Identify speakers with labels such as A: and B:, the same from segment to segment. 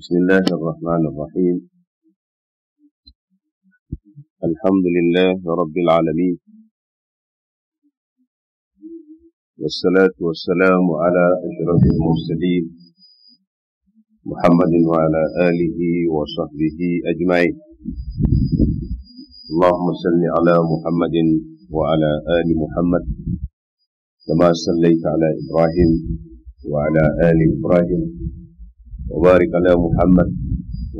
A: بسم الله الرحمن الرحيم الحمد لله رب العالمين والصلاة والسلام على أشرف المرسلين محمد وعلى آله وصحبه أجمعين اللهم صل على محمد وعلى آل محمد كما صليت على إبراهيم وعلى آل إبراهيم وبارك على محمد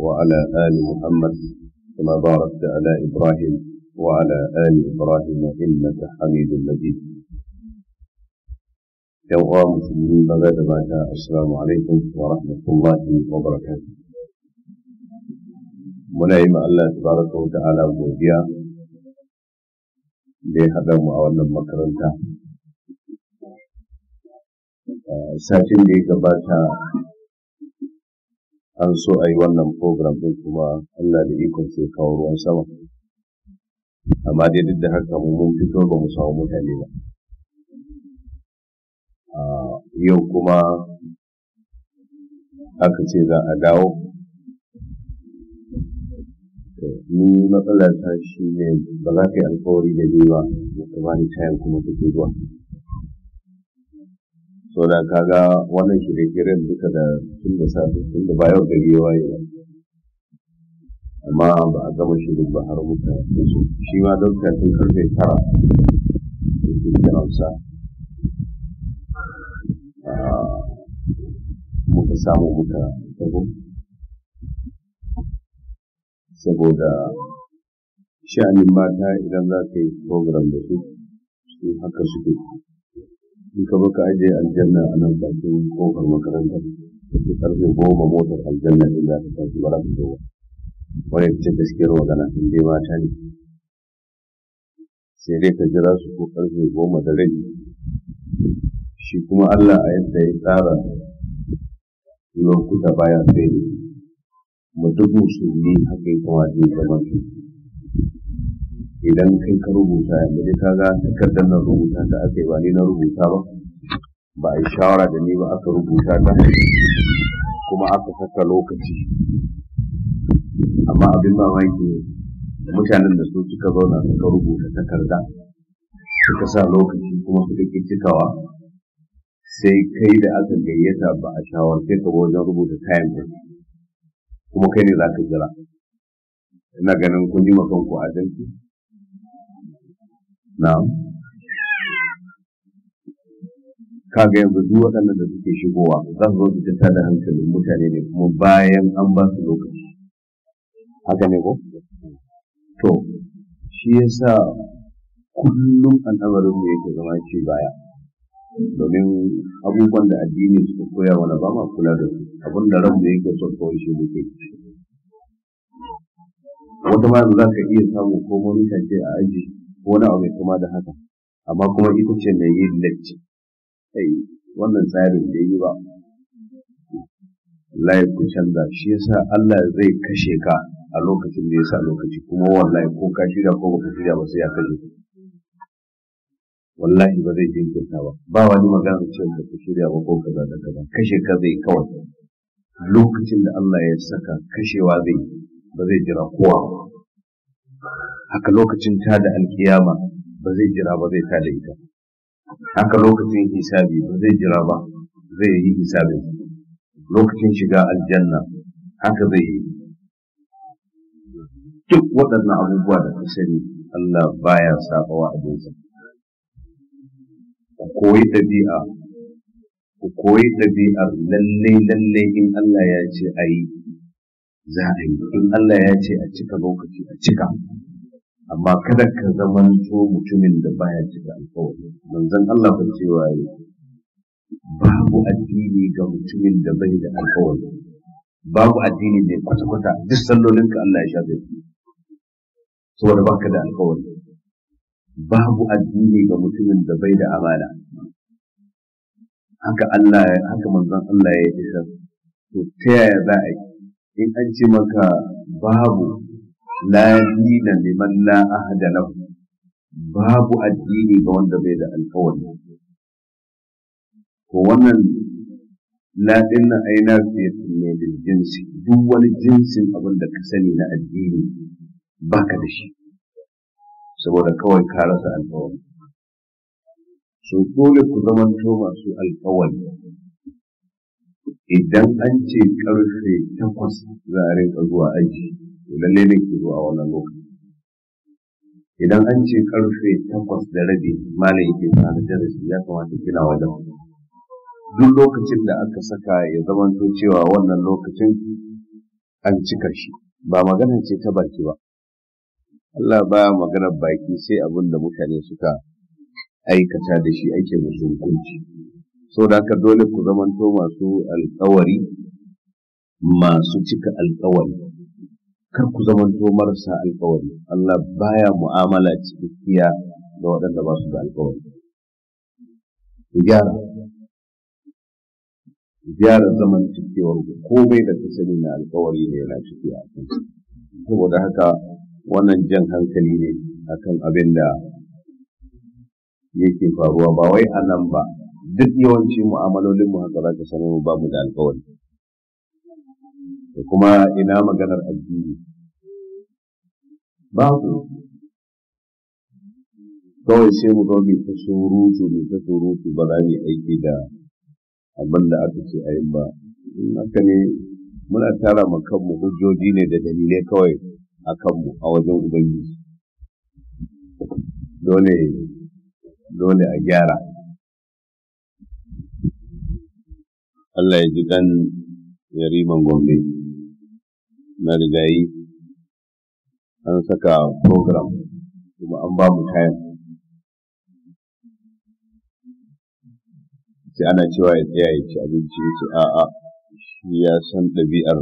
A: وعلى آل محمد كما باركت على إبراهيم وعلى آل إبراهيم إنك حميد مجيد يا مسلمين بغد السلام عليكم ورحمة الله وبركاته منعم الله تبارك وتعالى بوديا wa ta'ala godiya ساتين ya haɗa an so a yi wannan program ɗin kuma Allah da ikon sai kawo ruwan sama amma dai duk da haka mu mun fito ba mu samu mutane ba yau kuma aka ce za a dawo ni matsalar ta shi ne ba za ka yi alkawari da ni ba ba ni kuma kake zuwa so da kaga wannan shirye-shiryen duka da tun da safe tun da bayan gari ya waye amma ba a gama shirin ba har muka su shi ma don tun karfe tara yake kiransa ah, muka samu muka tabo saboda sha'anin mata idan za ka yi program da su su haka suke in ka baka ajiye aljanna a nan bakin kofar makaranta da karfe goma motar aljanna din za ta tafi bara ta zo wani ce gaskiyar magana in dai mata ne sai dai ka jira su ko karfe goma da rabi shi kuma Allah a yadda ya tsara lokuta baya sai ne kuma duk musulmi haka ya kamata ya zama su idan kai ka rubuta yanzu dai kaga takardar nan rubuta ta aka yi ba ni na rubuta ba ba a yi shawara da ni ba aka rubuta ta kuma aka saka lokaci amma abin mamaki da mutanen da su suka zauna suka rubuta takarda suka sa lokaci kuma suka ƙi cikawa sai kai da aka gayyata ba a shawarce ka wajen rubuta kayan kuma kai ne za ka jira ina ganin kun yi makanku adalci na'am kaga yanzu duk waɗannan da suke shigowa za su zo su ta da hankalin mutane ne kuma bayan an ba su lokaci haka ne ko to shi yasa kullum an al'amarin mu yake zama ce baya domin abubuwan da addini suka koya wani ba ma kula da su abin da ranmu yake son kawai shi muke wata ma za ka iya samu ko mamitan ce a aji ko wani abu kuma da haka amma kuma ita ce mai yi lecce ai wannan tsarin da yi ba wallahi ku canza shi yasa Allah zai kashe ka a lokacin da yasa lokaci kuma wallahi ko ka shirya ko baka shirya ba sai ya kashe ka wallahi ba zai jinkirta ba ba wani magana ce ka ku shirya ba ko kaza da kaza kashe ka zai kawai lokacin da Allah ya saka kashewa zai ba zai jira kowa ba haka lokacin ta da alkiyama ba zai jira ba zai tada ita haka lokacin hisabi ba zai jira ba zai yi hisabi lokacin shiga aljanna haka zai yi duk waɗannan abubuwa da ka sani Allah baya sabawa abinsa ku koyi ɗabi'a ku koyi ɗabi'ar lallai lallai in Allah ya ce a yi za a yi in Allah ya ce a cika lokaci a cika amma kada ka to mutumin da baya cika alkawari manzon Allah ba cewa yi babu addini ga mutumin da bai da alkawari babu addini ne kwata-kwata duk ka Allah ya shafe su saboda baka da alkawari babu addini ga mutumin da bai da amana haka Allah haka manzon Allah ya isa to ta yaya za a yi in an ce maka babu la na liman la na lahu babu addini ga wanda bai da alkawari ko wannan la din nan ai na fi jinsi duk wani jinsin abin ka sani na addini baka da shi saboda kawai ka rasa alkawari so dole ku zamanto masu alkawari idan an ce karfe takwas za a rinka zuwa aji lalle ne ke zuwa wannan lokaci idan an ce karfe takwas da rabi malam yake fara darasi ya kamata kina wajen duk lokacin da aka saka ya zamanto cewa wannan lokacin an cika shi ba magana ce ta baki ba Allah ba maganar baki sai abin da mutane suka aikata da shi ake musu hukunci sau da haka dole ku zamanto masu alkawari masu cika alkawari kar ku zamanto marasa alkawari Allah baya mu'amala cikakkiya da waɗanda ba su da alkawari ku gyara zaman cikewar ku komai da ka sani na alkawari ne yana ciki saboda haka wannan jan hankali ne akan abin da yake faruwa ba wai a nan ba duk yawancin mu'amalolinmu haka za ka samu ba mu da alkawari da kuma ina maganar addini Ba ku. kawai sai mu zo mai ta surutu mai ta surutu ba za mu aiki da abin da aka ce a ba haka ne muna tara ma kanmu hujjoji ne da dalilai kawai a kanmu a wajen ubangiji dole dole a gyara Allah ya ji dan yariman gombe na rigayi an saka program kuma an ba mu kayan sai ana cewa ya tsaya ya ci abinci ya ce a'a shi ya san ɗabi'ar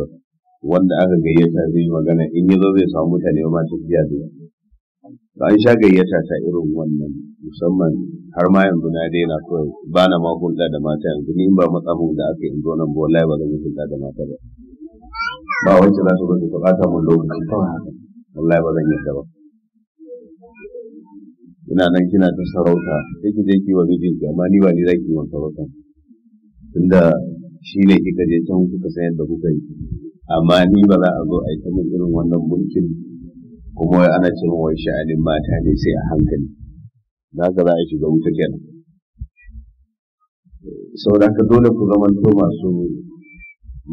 A: wanda aka gayyata zai yi magana in ya zo zai samu mutane ma tafiya zai an sha gayyata ta irin wannan musamman har ma yanzu na daina kawai ba na ma hulɗa da mata yanzu ni in ba matsa da aka in zo nan ba wallahi ba zan yi hulɗa da mata ba ba wacce za ta ba ta bata mun lokaci haka. wallahi ba zan yi ba ina nan kina ta sarauta sai ki je ki wa mijinki amma ni ba ni za ki yi wa sarauta tunda shi ne kika je can kuka san yadda kuka yi amma ni ba za a zo a yi ta min irin wannan mulkin kuma ana cewa wai sha'anin mata ne sai a hankali da haka za a shiga wuta kenan saboda haka dole ku zamanto masu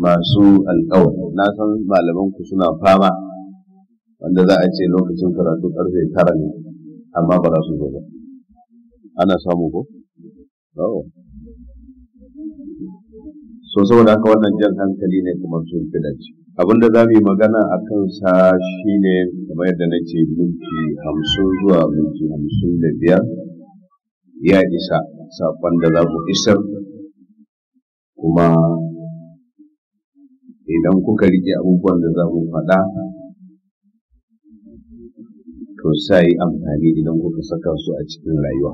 A: masu alkawari na san malaman ku suna fama wanda za a ce lokacin karatu karfe tara ne amma ba za su zo ba ana samu ko? so saboda haka wannan jan hankali ne kamar sun fi dace abinda za mu yi magana a kansa ne kamar yadda na ce minti hamsin zuwa minti hamsin da biyar ya isa saƙon da za mu isar kuma idan kuka rike abubuwan da za mu faɗa to sai amfani idan kuka saka su a cikin rayuwa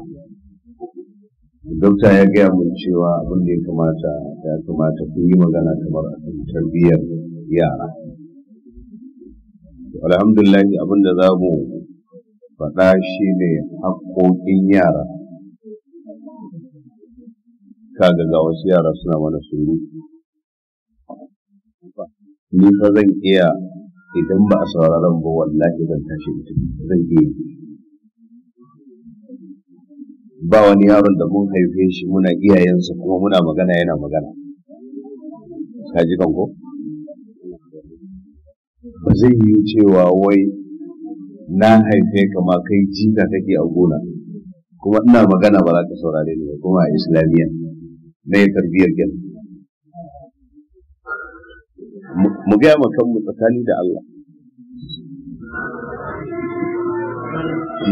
A: dokta ya gaya mun cewa abin da ya kamata ya kamata kun yi magana kamar a kan tarbiyyar yara alhamdulillah abin da za mu faɗa shi ne haƙoƙin yara kaga ga wasu yara suna mana suru ni fa zan iya idan ba a sauraron ba wallahi zan tashi mutum zan iya ba wani yaron da mun haife shi muna iyayensa kuma muna magana yana magana kaji ji ko ba zai yi cewa wai na haife kama ma kai jika kake a gona kuma ina magana ba za ka saurare ni ba kuma a islamiyya na yi tarbiyyar gina mu gaya ma kanmu tsakani da Allah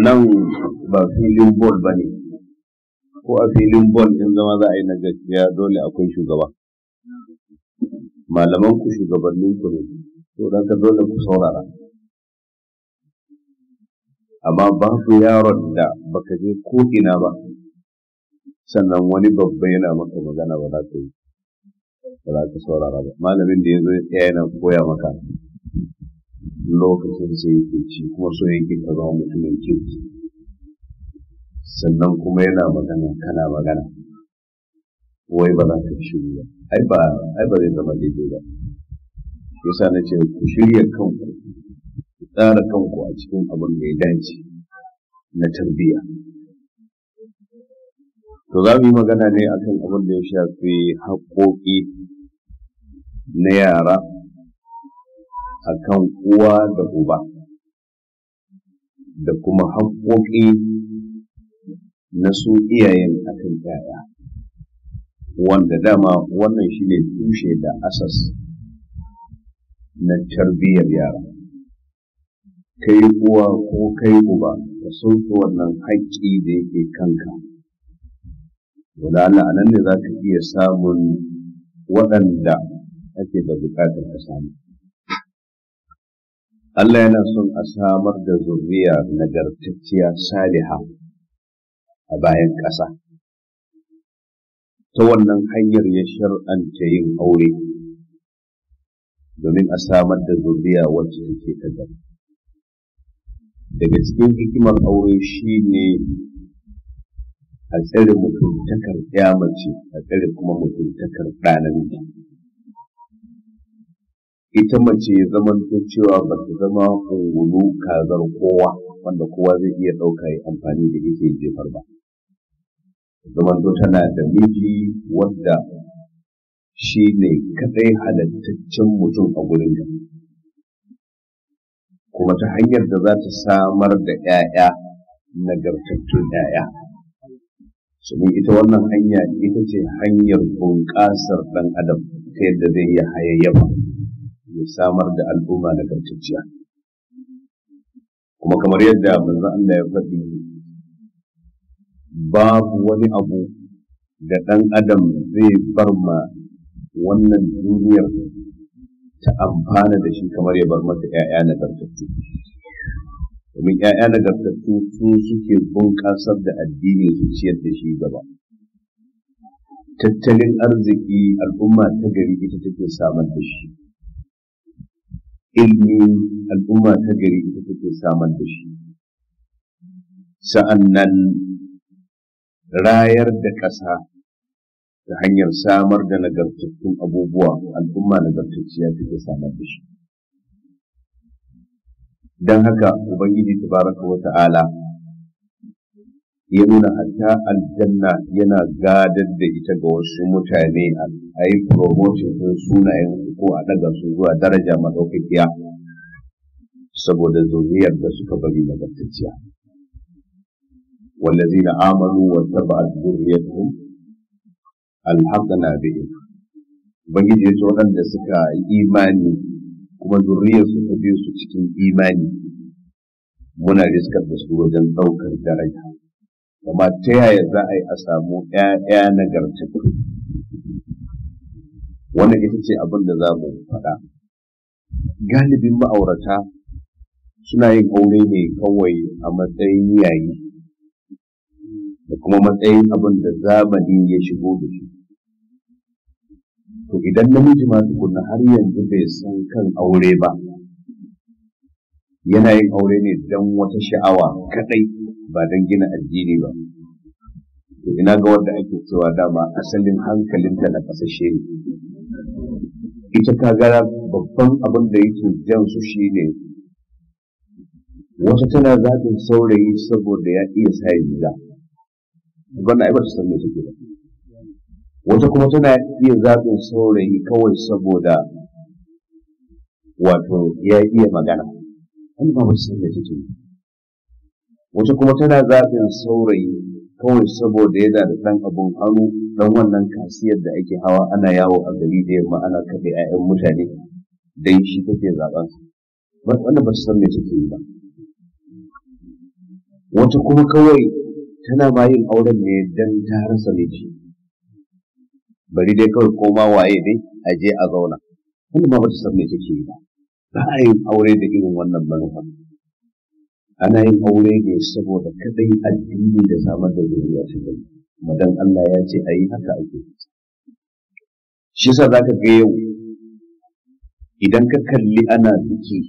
A: nan ba filin bol ba ne ko a filin bol in zama za a yi na gaskiya dole akwai shugaba malaman ku shugabannin ku ne to dan ka dole ku saurara amma ba babu yaron da baka je ko ina ba sannan wani babba yana maka magana ba za ka yi ba za ka saurara ba malamin da ya zo ya yana koya maka lokacin sai yake ci kuma so yake ka zama mutumin kirki sannan kuma yana magana kana magana wai ba za ka shirya ba ai ba zai zama daidai ba sa na ce ku shirya kanku ku tsara kanku a cikin abin da dace na tarbiyya to za mu yi magana ne akan abin da ya shafi haƙoƙi na yara akan uwa da uba da kuma haƙoƙi na su iyayen akan yaya wanda dama wannan shine tushe da asas na tarbiyyar yara kai uwa ko kai uba ka sauke wannan haƙƙi da yake kanka wala Allah anan ne za ka iya samun waɗanda ake da buƙatar ka samu Allah yana son a samar da zuriya nagartacciya saliha a bayan ƙasa ta wannan hanyar ya shar'anta yin aure domin a samar da zuriya wacce take kadar daga cikin hikimar aure shi ne. a tsere, mutuntakar ya mace a tsere kuma mutuntakar ɗa namiji ita mace ya zama cewa ba ta zama ungulu kazar kowa wanda kowa zai iya ɗauka ya amfani da ita ya jefar ba zamanto tana da miji wanda shi ne kadai halittaccen mutum a gurin da kuma ta hanyar da za ta samar da ‘ya'ya nagartattun ‘ya'ya domin ita wannan hanya ita ce hanyar bunƙasar ɗan adam ta yadda zai iya hayayyafa ya samar da al'umma nagartacciya kuma kamar yadda manzo Allah ya faɗi babu wani abu da ɗan adam zai bar ma wannan duniyar ta amfana da shi kamar ya bar mata ‘ya'ya gartattu Domin ‘ya'ya gartattu su suke bunƙasar da addini su ciyar da shi gaba. Tattalin arziki al'umma ta gari ita take samar da shi. Ilmi al'umma ta gari ita take samar da shi. Sa'an rayar da ƙasa ta hanyar samar da nagartattun abubuwa al'umma nagartacciya take samar da shi don haka ubangiji tabaraka wa ta'ala ya nuna hatta aljanna yana gadar da ita ga wasu mutane a yi promotion ɗin sunayen ko a ɗaga su zuwa daraja maɗaukakiya saboda zuriyar da suka bari nagartacciya. والذين آمنوا واتبعت ذريتهم الحقنا بهم ubangiji ya ce waɗanda suka imani kuma zuriyar su ta biyu su cikin imani muna riskar da su wajen ɗaukar daraja amma ta yaya za a yi a samu ‘ya'ya nagartattu Wani ita ce abin da za mu faɗa galibin ma'aurata suna yin aure ne kawai a matsayin yayi kuma matsayin abin da zamani ya shigo da shi to idan namiji masu kunna har yanzu bai san kan aure ba yana yin aure ne don wata sha'awa kadai ba don gina addini ba to ina ga wanda ake cewa dama asalin hankalinta na kasashe ne ita gara babban abin da yake jan su shi ne. wata tana zaɓin saurayi saboda ya iya sa yi wannan ai ba san me take ba wata kuma tana iya zaɓin saurayi kawai saboda wato ya iya magana wani ba wasu san me take ba wata kuma tana zaɓin saurayi kawai saboda yana da ɗan abun hannu don wannan kasiyar da ake hawa ana yawo a gari da yamma ana kaɗe 'ya'yan mutane dan shi take zaɓen wannan ba su san me take yi ba wata kuma kawai tana bayin yin auren ne dan ta rasa miji bari dai kawai koma waye dai a je a zauna kuma ba ta san me take yi ba ba a yin aure da irin wannan manufa ana yin aure ne saboda kadai addini da samar da zuriya gani madan Allah ya ce a yi haka ake shi za zaka ga yau idan ka kalli ana biki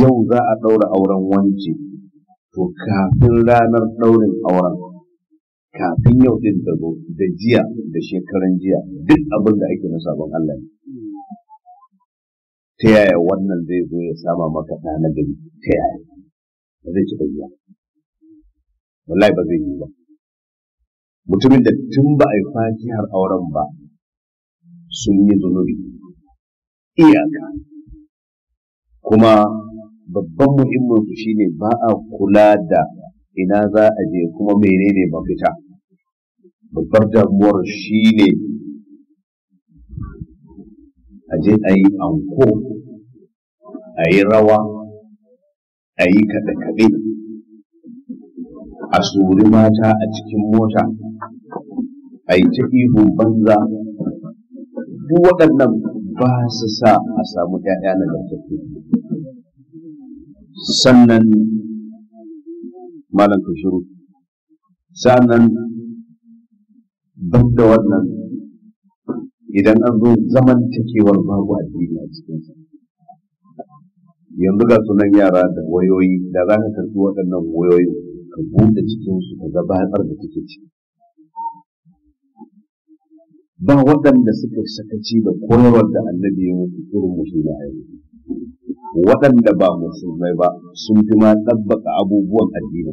A: yau za a ɗaura auren wance to kafin ranar ɗaurin auren kafin yau din da jiya da shekaran jiya duk abin da ake na sabon Allah ne ta yaya wannan zai zo ya sama maka ɗa na gari ta yaya ba zai ci jiya, wallahi ba zai yi ba mutumin da tun ba a yi fatihar auren ba sun yi zunubi iyaka kuma babban muhimmin su shine ba a kula da ina za a je kuma menene mafita babbar damuwar shine a je a yi anko a yi rawa a yi kaɗe-kaɗe a suri mata a cikin mota a yi ta ihu banza duk waɗannan ba su sa a samu ‘ya'ya na lantarki sannan malam ka shiru sannan da wannan idan an zo zaman takewar babu addini a cikinsa yanzu ga sunan yara da wayoyi da za ka karɓi waɗannan wayoyi ka buɗe cikinsu ka gabatar da take ciki ba waɗanda suka sakaci da koyarwar da annabi ya mutu irin musulmi a yanzu waɗanda ba musulmai ba sun fi ma ɗabbaka abubuwan addini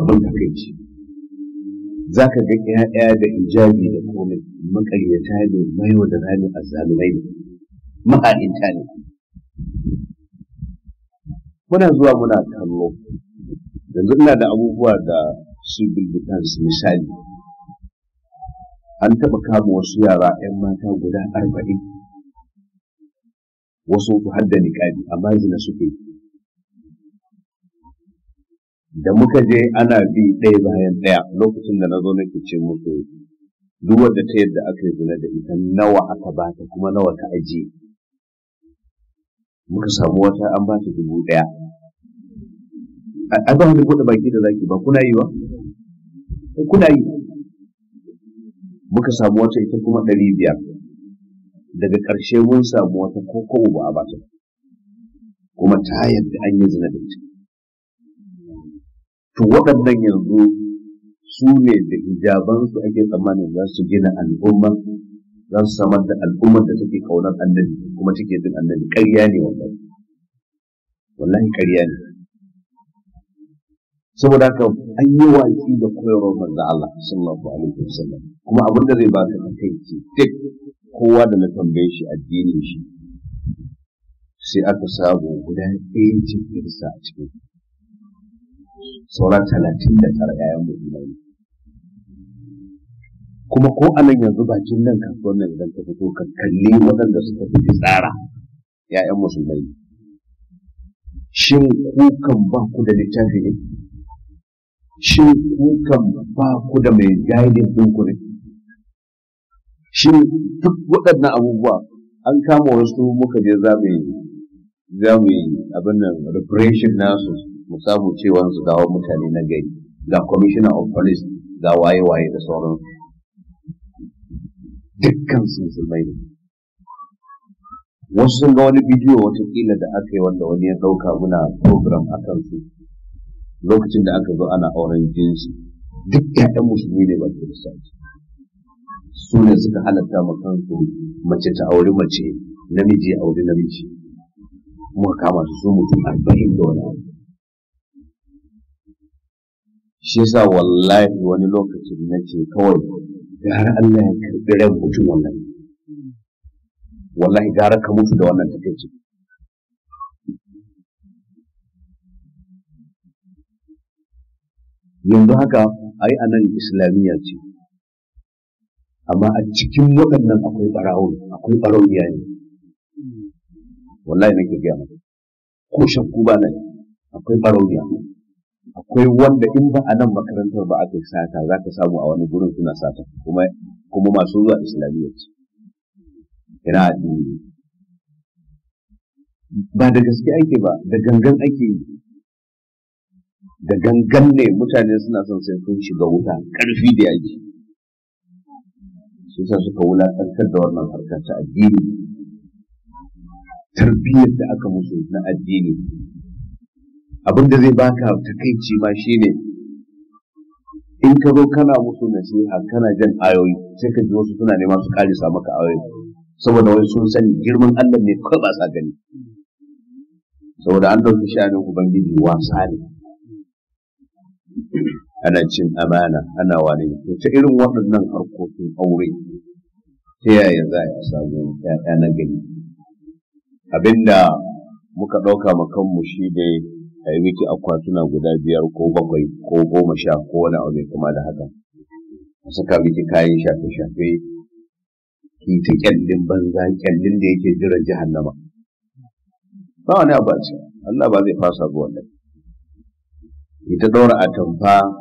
A: abin da kai ce za ka ga 'ya'ya da ijabi da komai maƙaryata ne mai da rani a zalumai ne ma'alinta ne muna zuwa muna kallo yanzu ina da abubuwa da bilbitan su misali an taɓa kama wasu yara 'yan mata guda arba'in wasu su hadda niqabi amma zina suke da muka je ana bi ɗaya bayan ɗaya lokacin da na zo nake ce muku duk wanda ta yadda aka yi zina da ita nawa aka ba ta kuma nawa ta aji? muka samu wata an ba ta dubu ɗaya a ba wani buɗe baki da zaki ba kuna yi ba kuna yi muka samu wata ita kuma ɗari biyar daga ƙarshe mun samu wata koko ba a bata kuma ta yadda an yi zina da ita to waɗannan yanzu su ne da hijabansu ake tsammanin za su gina al'umma za su samar da al'ummar da take kaunar annabi kuma take bin annabi ƙarya ne wannan wallahi ƙarya ne saboda haka an yi watsi da koyarwar manzo Allah sallallahu alaihi wasallam kuma abin da zai baka kai ce duk kowa da na tambaye shi addinin shi sai aka sabo guda ɗaya cikin sa a cikin saura talatin da tara ƴaƴan mu'mina kuma ko a nan yanzu bakin nan kasuwan nan idan ka fito ka kalli waɗanda suka fi tsara ya'yan musulmai shin kukan ba ku da littafi ne shin kukan ba ku da mai gaidin ku ne shi duk waɗannan abubuwa an kama wasu muka je za mu yi za mu yi abin nan reparation nasu mu samu cewa su dawo mutane na gari ga commissioner of police ga waye-waye da sauran dukkan su musulmai ne wasu sun ga wani bidiyo watakila da aka yi wanda wani ya ɗauka muna program a su lokacin da aka zo ana auren jinsi duk 'ya'yan musulmi ne ba kiristanci su ne suka halatta ma kansu mace ta auri mace namiji ya auri namiji kuma kama su su mutum arba'in da wani abu shi yasa wallahi wani lokacin na ce kawai gara Allah ya karɓi ran mutum wannan wallahi gara ka mutu da wannan takaici yanzu haka ai anan islamiyya ce amma a cikin waɗannan akwai ɓarawo akwai ɓarawo ne wallahi nake gaya maka ko shakku ba nan akwai ɓarawo akwai wanda in ba a nan makarantar ba aka sata za ka samu a wani gurin suna sata kuma kuma masu zuwa islamiyya ce ina addini ba da gaske ake ba da gangan ake yi da gangan ne mutane suna son sai sun shiga wuta ƙarfi da yaki Su yasa suka wulaƙantar da wannan harkar ta addini tarbiyyar da aka musu na addini abin da zai baka ta takaici ma shine in ka zo kana musu nasiha kana jan ayoyi sai ka ji wasu suna neman su samu maka ayoyi saboda wai sun sani girman Allah ne kawai ba sa gani saboda an ɗauki shanin Ubangiji wasa ne ana cin amana ana wani ko ta irin waɗannan harkokin aure ta yaya za a samu ‘ya'ya na gani? abinda muka ɗauka kanmu shi ne a yi miki akwatuna guda biyar ko bakwai ko goma sha ko wani abu mai kama da haka a saka miki kayan shafe-shafe ki kyallin banza kyallin da yake jiran jahannama ba wani abu a Allah ba zai fasa zuwa nan ita ɗora atamfa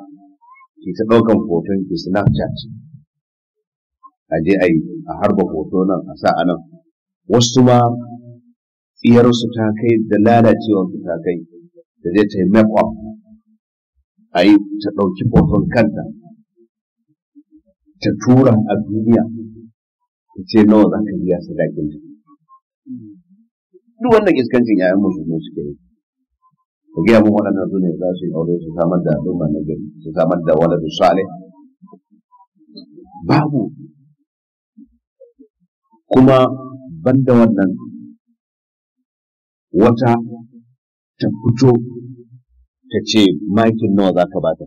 A: ke ta ɗaukan hoton ke snapchat a je a yi a harba hoto nan a sa anan wasu ma tsiyarsu ta kai da su ta kai da zai ta yi make a yi ta ɗauki hoton kanta ta tura a duniya ta ce nawa za ka biya sadakin ta duk wannan iskancin 'ya'yan musulmi suke yi ku gaya mun waɗannan su ne za su yi aure su samar da al'umma na gari su samar da su sale babu kuma ban da wannan wata ta fito ta ce makin nawa za ka bata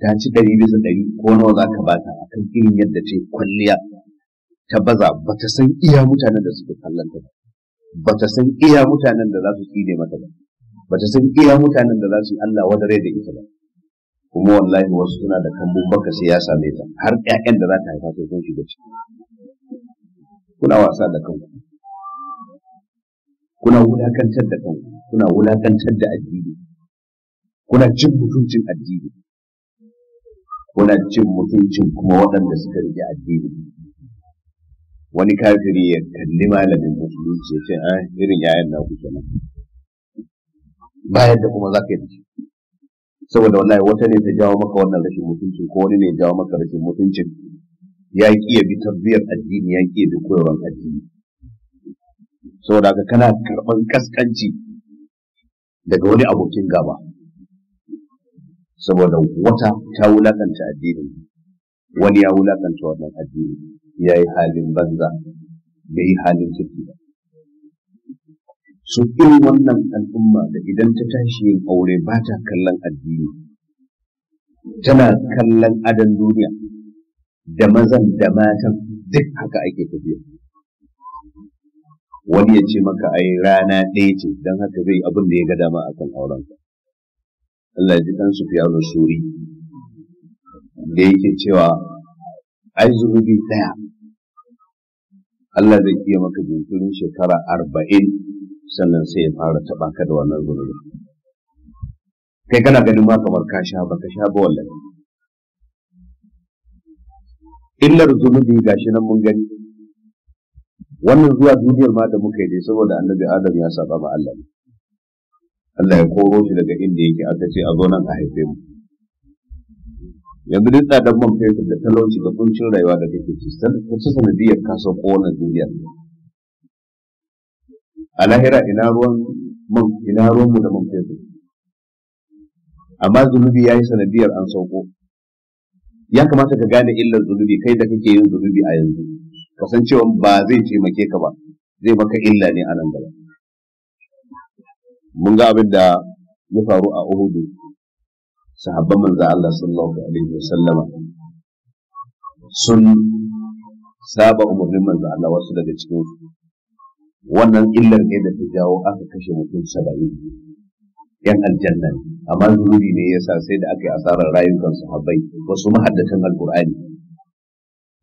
A: ta ci ɗari bisa ɗari ko nawa za ka bata a kan irin yadda ce kwalliya ta baza ba ta san iya mutanen da suke kallon ta ba bata san iya mutanen da za su tsine mata ba bata san iya mutanen da za su yi Allah wadare da ita ba kuma wallahi wasu suna da kambun baka sai ya same ta har ƴaƴan da za ta haifa sai sun shiga ciki kuna wasa da kanku kuna wulakantar da kanku kuna wulakantar da addini kuna cin mutuncin addini kuna cin mutuncin kuma waɗanda suka rike addini wani kafiri ya kalli malamin musulunci ya ce a ah, irin yayan na kuke nan bayan da kuma za ka yi da saboda wallahi wata ne ta jawo maka wannan rashin mutunci ko wani ne ya jawo maka rashin mutunci ya ki ya bi tarbiyyar addini ya ki ya bi koyarwar addini saboda haka kana karɓar kaskanci daga wani abokin gaba saboda wata ta wulakanta addini wani ya wulakanta wannan addini ya yi halin banza bai yi halin ciki ba irin wannan al'umma da idan ta tashi yin aure ba ta kallon addini tana kallon adon duniya da mazan da matan duk haka ake tafiya wani ya ce maka yi rana ɗaya ce don haka zai abin da ya ga dama akan aurenka Allah ji ɗan su da suri da yake cewa ai zunubi ɗaya Allah zai iya maka jinkirin shekara arba'in sannan sai ya fara taɓa ka da wannan zunubi kai kana ganin ma kamar ka sha ba ka sha ba wallahi illar zunubi gashi nan mun gani wannan zuwa duniyar ma da muka yi dai saboda annabi adam ya saba ma Allah Allah ya koro shi daga inda yake aka ce a zo nan a haife mu yanzu duk da dabban man fetur da talauci da kuncin rayuwa da take ci wasu sanadiyar kasar kowane duniya a lahira ina ruwan da man fetur amma zunubi yayi sanadiyar an sauko ya kamata ka gane illar zunubi kai da kake yin zunubi a yanzu kasancewa ba zai taimake ka ba zai baka illa ne a nan gaba mun ga abin da ya faru a Uhudu sahabban manzo Allah sallallahu alaihi wasallama sun saba umarnin manzo Allah wasu daga cikin su wannan illar ne da ta jawo aka kashe mutum saba'in yan aljanna amma zuri ne yasa sai da aka yi asarar rayukan sahabbai wasu mahaddatan alqur'ani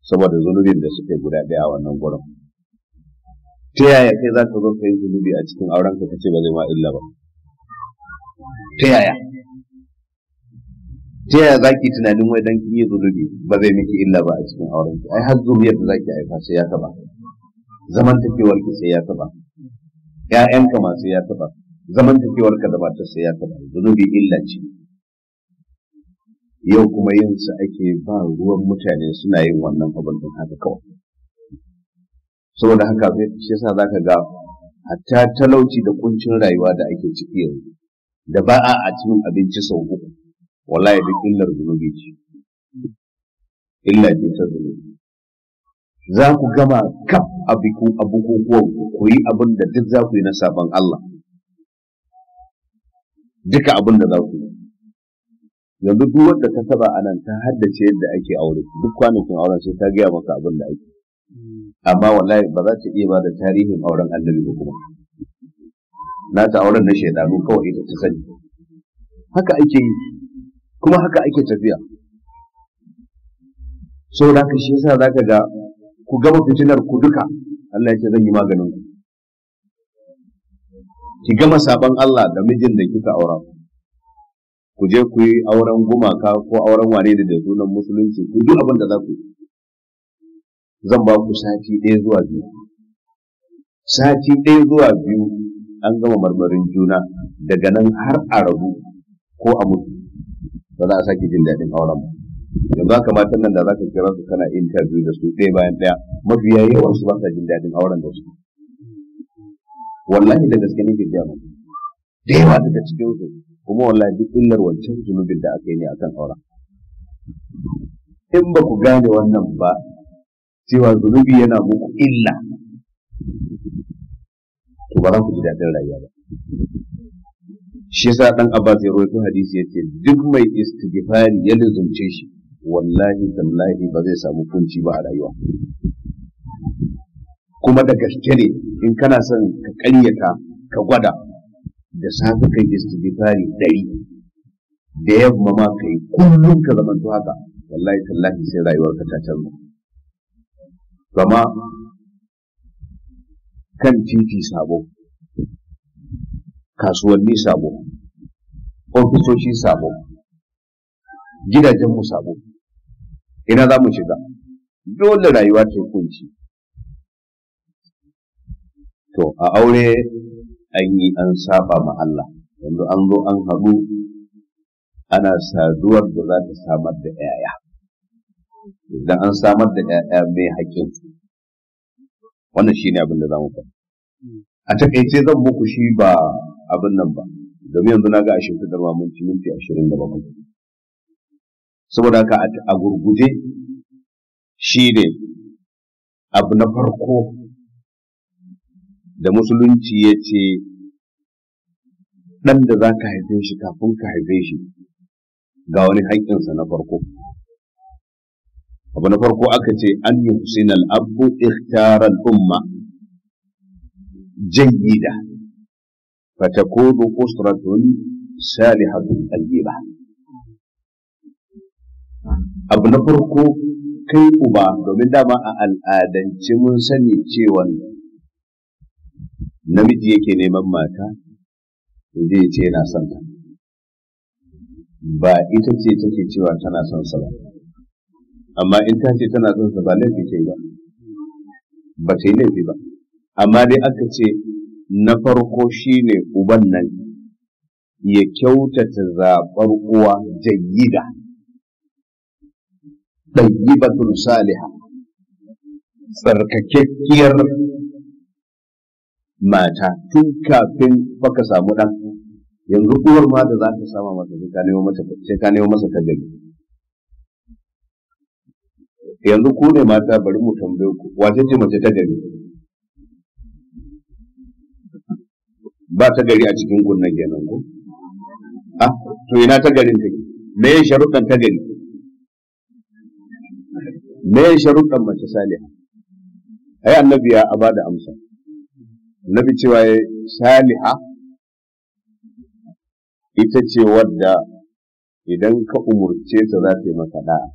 A: saboda zunubin da suka yi guda ɗaya a wannan gurin ta yaya kai za ka zo ka yi zunubi a cikin aurenka ka ce ba zai ma illa ba ta yaya ta yaya za ki tunanin wai dan kin yi zunubi ba zai miki illa ba a cikin auren ki ai har zuriyar da za ki sai ya taba zaman takewar ki sai ya taba ka ma sai ya taba zaman takewar ka da ba ta sai ya taba zunubi illa ce yau kuma yin su ake ba ruwan mutane suna yin wannan abin din haka kawai saboda haka shi yasa zaka ga hatta talauci da kuncin rayuwa da ake ciki yanzu da ba a cin abinci sau uku wallahi duk illar zunubi ce illa ce ta zunubi za ku gama kaf a bukukuwan ku yi abin da duk za ku yi na sabon Allah duka abin da za ku yi yanzu duk wanda ta saba a nan ta haddace yadda ake aure duk kwanakin auren sai ta gaya maka abin da ake amma wallahi ba za ta iya ba da tarihin auren annabi ba kuma na ta auren na shaidanu kawai ita ta sani haka ake yi kuma haka ake tafiya so da haka shi yasa ka ga ku gama fitilar ku duka Allah ya ce zan yi maganin ku ki gama sabon Allah da mijin da kika aura ku je ku yi auren gumaka ko auren wane da da sunan musulunci ku duk abin da za ku zan ba ku sati ɗaya zuwa biyu sati ɗaya zuwa biyu an gama marmarin juna daga nan har a rabu ko a mutu ba za a sake jin daɗin auren ba yanzu haka matan nan da za ka kira su kana interview da su ɗaya bayan ɗaya mafiya yawan su ba sa jin daɗin auren da su wallahi da gaske ne ke jama da yawa daga cikin su kuma wallahi duk illar wancan zunubin da aka yi ne akan auren in ba ku gane wannan ba cewa zunubi yana muku illa to ba za ku ji daɗin rayuwa ba shi yasa dan Abbas ya rawaito hadisi yace duk mai istighfari ya lazumce shi wallahi tallahi ba zai samu kunci ba a rayuwa kuma da gaske ne in kana son ka ƙaryata ka gwada da safe kai istighfari dari da yamma ma kai kullum ka to haka wallahi tallahi sai rayuwar ka ta canza zama kan titi sabo kasuwanni sabo ofisoshi sabo gidajenmu sabo ina za mu shiga dole rayuwa ta kunci to a aure an yi an saba ma Allah yanzu an zo an haɗu ana saduwar da za ta samar da ‘ya'ya idan an samar da ‘ya'ya mai haƙƙin su wannan shine abin da za mu a takaice zan muku shi ba abin nan ba domin yanzu na ga a shimfiɗar ma mun ci minti ashirin da bakwai saboda haka a gurguje shi ne abu na farko da musulunci ya ce ɗan da za ka haife shi kafin ka haife shi ga wani haƙƙinsa na farko abu na farko aka ce an yi husinal abu ikhtarar umma jayyida فتكون أسرة صالحة طيبة abu na farko kai uba domin dama a al'adance mun sani cewa namiji yake neman mata zai ce yana son ta ba ita ce take cewa tana son sa ba amma in ta ce tana son sa ba laifi ce ba ba ta yi laifi ba amma dai aka ce na farko shine uban nan ya kyautata zaɓar uwa jayyida ɗayyibatun saliha tsarkakekkiyar mata tun kafin baka samu ɗan yanzu uwar ma da za ka sama mata sai ka nemo masa ta yanzu ku ne mata bari mu tambaye ku wace ce mace ta ba ta gari a cikin kunna kenan ko a ah, to ina ta garin take me ya sharuɗan ta gari me ya sharuɗan mace saliha ai annabi ya abada amsa annabi cewa ya saliha ita ce wadda idan ka umurce ta za ta yi maka da'a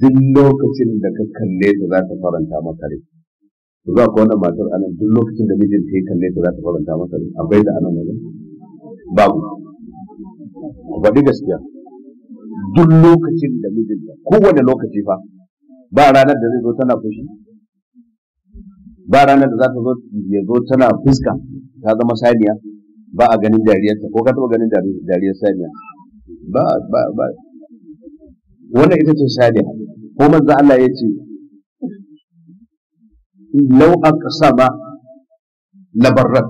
A: duk lokacin da ka kalle ta za ta faranta maka rai za ku wannan matar anan duk lokacin da mijin ta yi kalle ta za ta faranta masa ne, akwai da anan wajen babu faɗi gaskiya duk lokacin da mijinta kowane lokaci fa ba ranar da zai zo tana fushi ba ranar da za ta zo ya zo tana fuska ta zama saniya ba a ganin jariyarsa ko ka taɓa ganin jariyar saniya ba ba ba wannan ita ce saniya ko manzo Allah ya ce lau labarar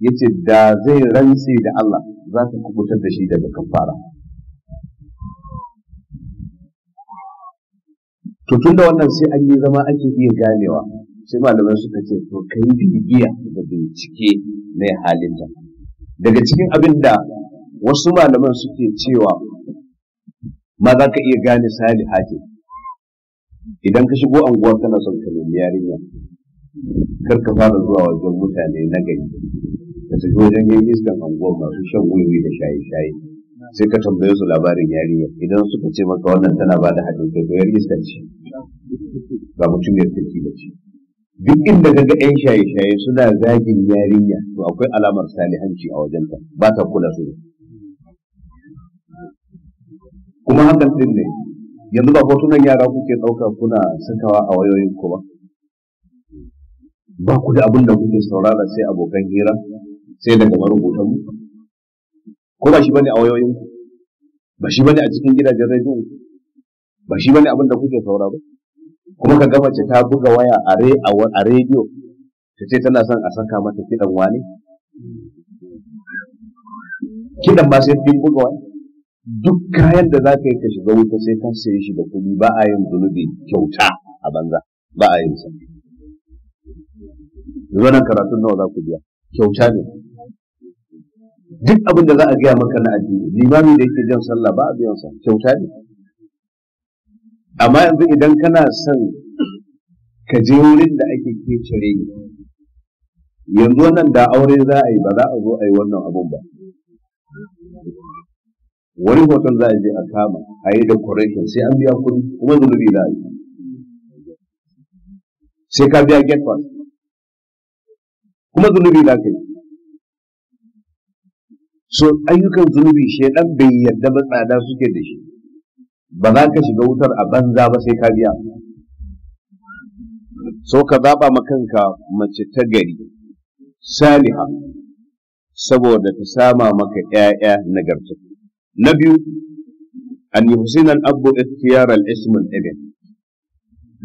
A: ya ce da zai rantse da Allah za ta kubutar da shi daga kafara to tun da wannan sai an yi zama ake iya ganewa sai malamai suka ce to kai bibiya da bincike na halinta daga cikin abin da wasu malaman suke cewa ma za ka iya gane saliha ce idan ka shigo anguwa kana son ka nemi yarinya kar ka fara zuwa wajen mutane na gari ka tafi wajen yin iskan anguwa masu shan wuri da shaye-shaye sai ka tambaye su labarin yarinya idan suka ce maka wannan tana ba da haɗin kai yar iskan ce ba mutum ya tafi da ce duk inda ga yan shaye-shaye suna zagin yarinya to akwai alamar salihanci a wajenta ba ta kula su kuma hakan din ne yanzu ba hotunan yara kuke ɗauka kuna sakawa a wayoyin ku ba ba ku da abin da kuke saurara sai abokan hira sai daga marubutan mu ko ba shi bane a wayoyin ku ba shi bane a cikin gidajen rediyo ba shi bane abin da kuke saurara kuma ka ga mace ta buga waya a rediyo ta ce tana son a saka mata kiɗan wani kiɗan ba sai fi buga wani duk kayan da za ka yi ka shiga wuta sai ka sayi shi da kuɗi ba a yin zunubi kyauta a banza ba a yin sa nan karatun nawa za ku biya kyauta ne duk abin da za a gaya maka na addini limami da yake jan sallah ba a biyan sa kyauta ne amma yanzu idan kana son ka je wurin da ake ne yanzu wannan da aure za a yi ba za a zo a yi wannan abun ba wani hoton za a je a kama a yi decoration sai an biya kuɗi kuma zunubi za a yi sai ka biya get pass kuma zunubi za kai. so ayyukan zunubi shaidan bai yadda ba tsada suke da shi ba za ka shiga wutar a banza ba sai ka biya so ka zaɓa ma kanka mace ta gari saliha saboda ta sama maka ‘ya'ya nagartattu na biyu an yi husinan abu ikhtiyar al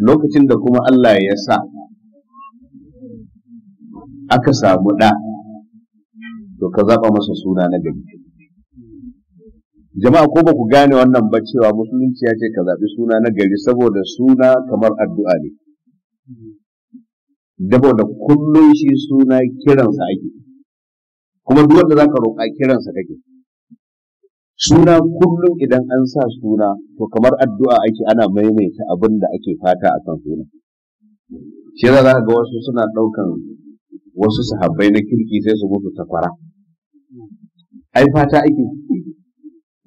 A: lokacin da kuma Allah ya sa aka samu ɗa, to ka zaɓa masa suna na gari jama'a ko ba ku gane wannan ba cewa musulunci ya ce ka zaɓi suna na gari saboda suna kamar addu'a ne saboda kullum shi suna kiransa ake kuma duk wanda zaka roƙa kiransa kake suna kullum idan an sa suna to kamar addu'a ake ana maimaita abin da ake fata a kan suna shi yasa za ga wasu suna ɗaukan wasu sahabbai na kirki sai su mutu takwara ai fata ake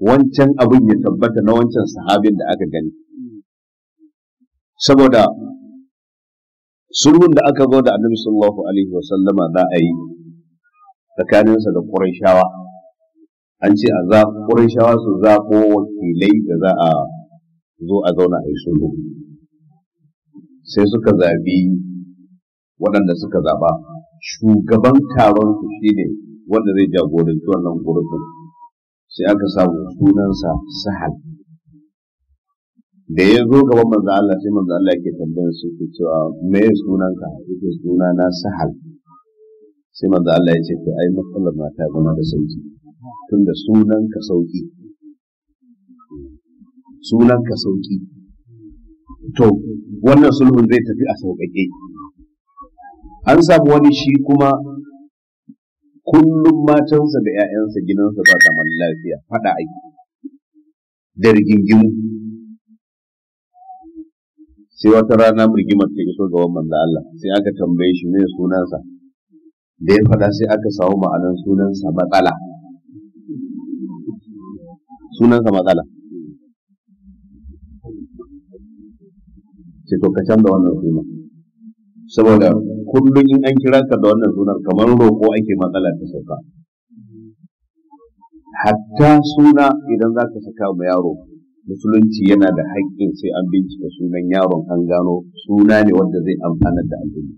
A: wancan abin ya tabbata na wancan sahabin da aka gani saboda sulhun da aka zo da annabi sallallahu alaihi wa za a yi tsakaninsa da shawa. an ce a ƙurin shawa su zaɓo wakilai da za a zo a zauna a yi sulhu sai suka zabi waɗanda suka zaɓa shugaban taron su shi ne wanda zai jagoranci wannan gurbin sai aka samu sunansa sahal da ya zo gaban manzo Allah sai manzo Allah yake tambayar su ke cewa me sunanka yake suna sahal sai manzo Allah ya ce ai matsalar mata gana da sauki tunda sunan ka sauki ka sauki to wannan sulhun zai tafi a sauƙaƙe an samu wani shi kuma kullum matansa da 'ya'yansa gidansa ba zaman lafiya faɗa yi, da rigingimu sai wata rana rigimar ta iso ga wannan Allah sai aka tambaye shi me sunansa da ya faɗa sai aka samu ma'anar sunansa matsala sunansa matsala sai to ka canza wannan suna saboda kullum in an kira ka da wannan sunan kamar roƙo ake matsala ta sauka hatta suna idan za ka saka ma yaro musulunci yana da haƙƙin sai an bincika sunan yaron an gano suna ne wanda zai amfana da al'umma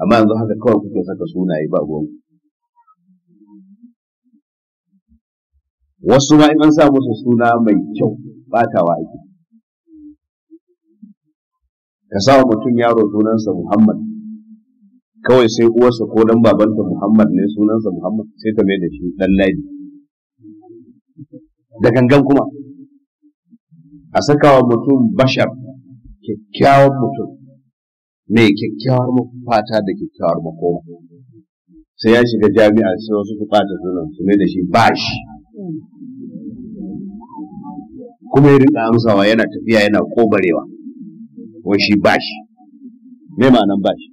A: amma yanzu haka kawai kuke saka sunaye ba ruwanku wasu ma in an sa musu suna mai kyau ba ta ake ka sa wa mutum yaro sunansa Muhammad kawai sai uwarsa ko dan babanta Muhammad ne sunansa Muhammad sai ta mai da shi dan ladi da gangan kuma a sakawa mutum bashar kyakkyawan mutum mai kyakkyawar fata da kyakkyawar makoma sai ya shiga jami'a sai wasu su ɓata sunan su ne da shi bashi kuma ya rinka amsawa yana tafiya yana kobarewa wa shi ba shi mai ma'anan ba shi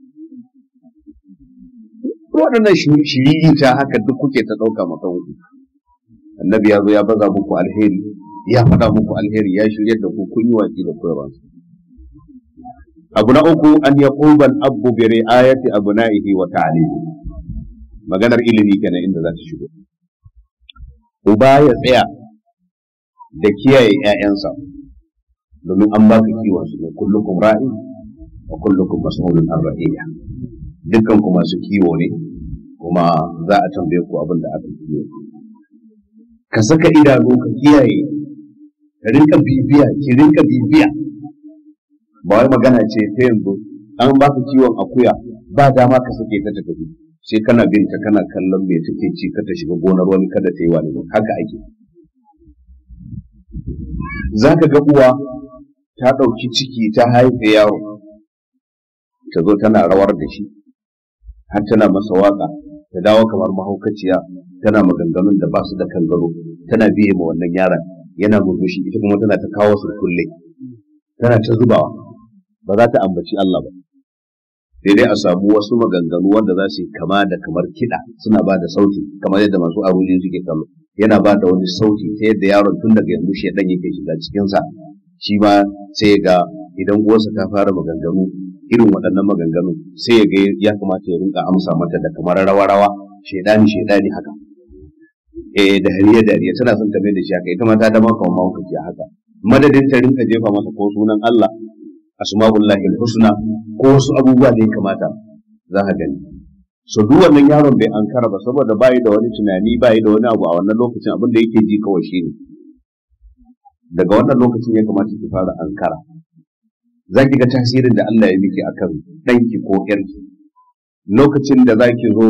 A: waɗannan shiriri ta haka duk kuke ta ɗauka maka wuku annabi ya zo ya baza muku alheri ya faɗa muku alheri ya shirya da ku kun yi waƙi da koyarwansa abu na uku an ya ƙuban abu bi ri'ayati abna'ihi wa ta'alimi maganar ilimi kenan inda za ta shigo uba ya tsaya da kiyaye 'ya'yansa domin an baka kiwon su ne kullukum ra'i wa kullukum mas'ulun an ra'iya dukkan ku masu kiwo ne kuma za a tambaye ku abin da aka kiwo ka saka idanu ka kiyaye ka rinka bibiya ki rinka bibiya ba wai magana ce ta yanzu an baka kiwon akuya ba dama ka sake ta tafi sai kana bin ta kana kallon me take ci ka ta shiga gonar wani kada ta yi wani haka ake za ka ga uwa ta ɗauki ciki ta haife yaro ta zo tana rawar da shi har tana masa waka ta dawo kamar mahaukaciya tana maganganun da ba su da kangaro tana biye ma wannan yaron yana murmushi ita kuma tana ta kawo su kulle tana ta zubawa ba za ta ambaci Allah ba sai a samu wasu maganganu wanda za su yi kama da kamar kiɗa suna ba da sauti kamar yadda masu aruji suke kallo yana ba da wani sauti ta yadda yaron tun daga yanzu shi ɗan yake shiga cikinsa shi ma sai ga idan uwarsa ta fara maganganu irin waɗannan maganganu sai ya ga ya kamata ya rinka amsa mata da kamar rawa-rawa shaidani shaidani haka eh da hariya da hariya tana son ta mai da shi haka ita ma ta dama kamar mahaukaci haka madadin ta rinka jefa masa ko sunan Allah asma'ullahi al-husna ko wasu abubuwa da ya kamata za ka gani so duk wannan yaron bai ankara ba saboda bai da wani tunani bai da wani abu a wannan lokacin abin da yake ji kawai shine daga wannan lokacin ya kamata ki fara ankara za ki ga tasirin da Allah ya miki akan ɗanki ko ƴarki lokacin da za ki zo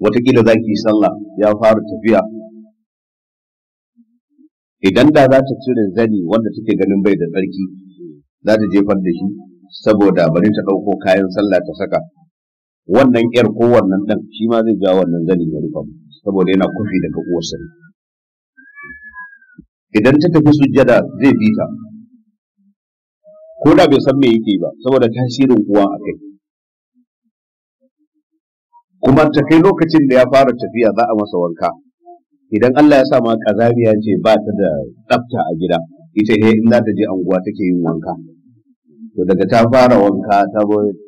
A: watakila za ki yi sallah ya fara tafiya idan da za ta cire zani wanda take ganin bai da tsarki za ta jefar da shi saboda bari ta ɗauko kayan sallah ta saka wannan ƴar ko wannan ɗan shi ma zai ja wannan zanin ya rufa saboda yana kufi daga uwarsa ne idan ta tafi sujjada zai bi ta ko da bai san me yake ba saboda tasirin uwa a kai kuma ta kai lokacin da ya fara tafiya za a masa wanka idan Allah ya sa ma kazariya ce ba ta da tsafta a gida ita ne in za ta je anguwa take yin wanka to daga ta fara wanka ta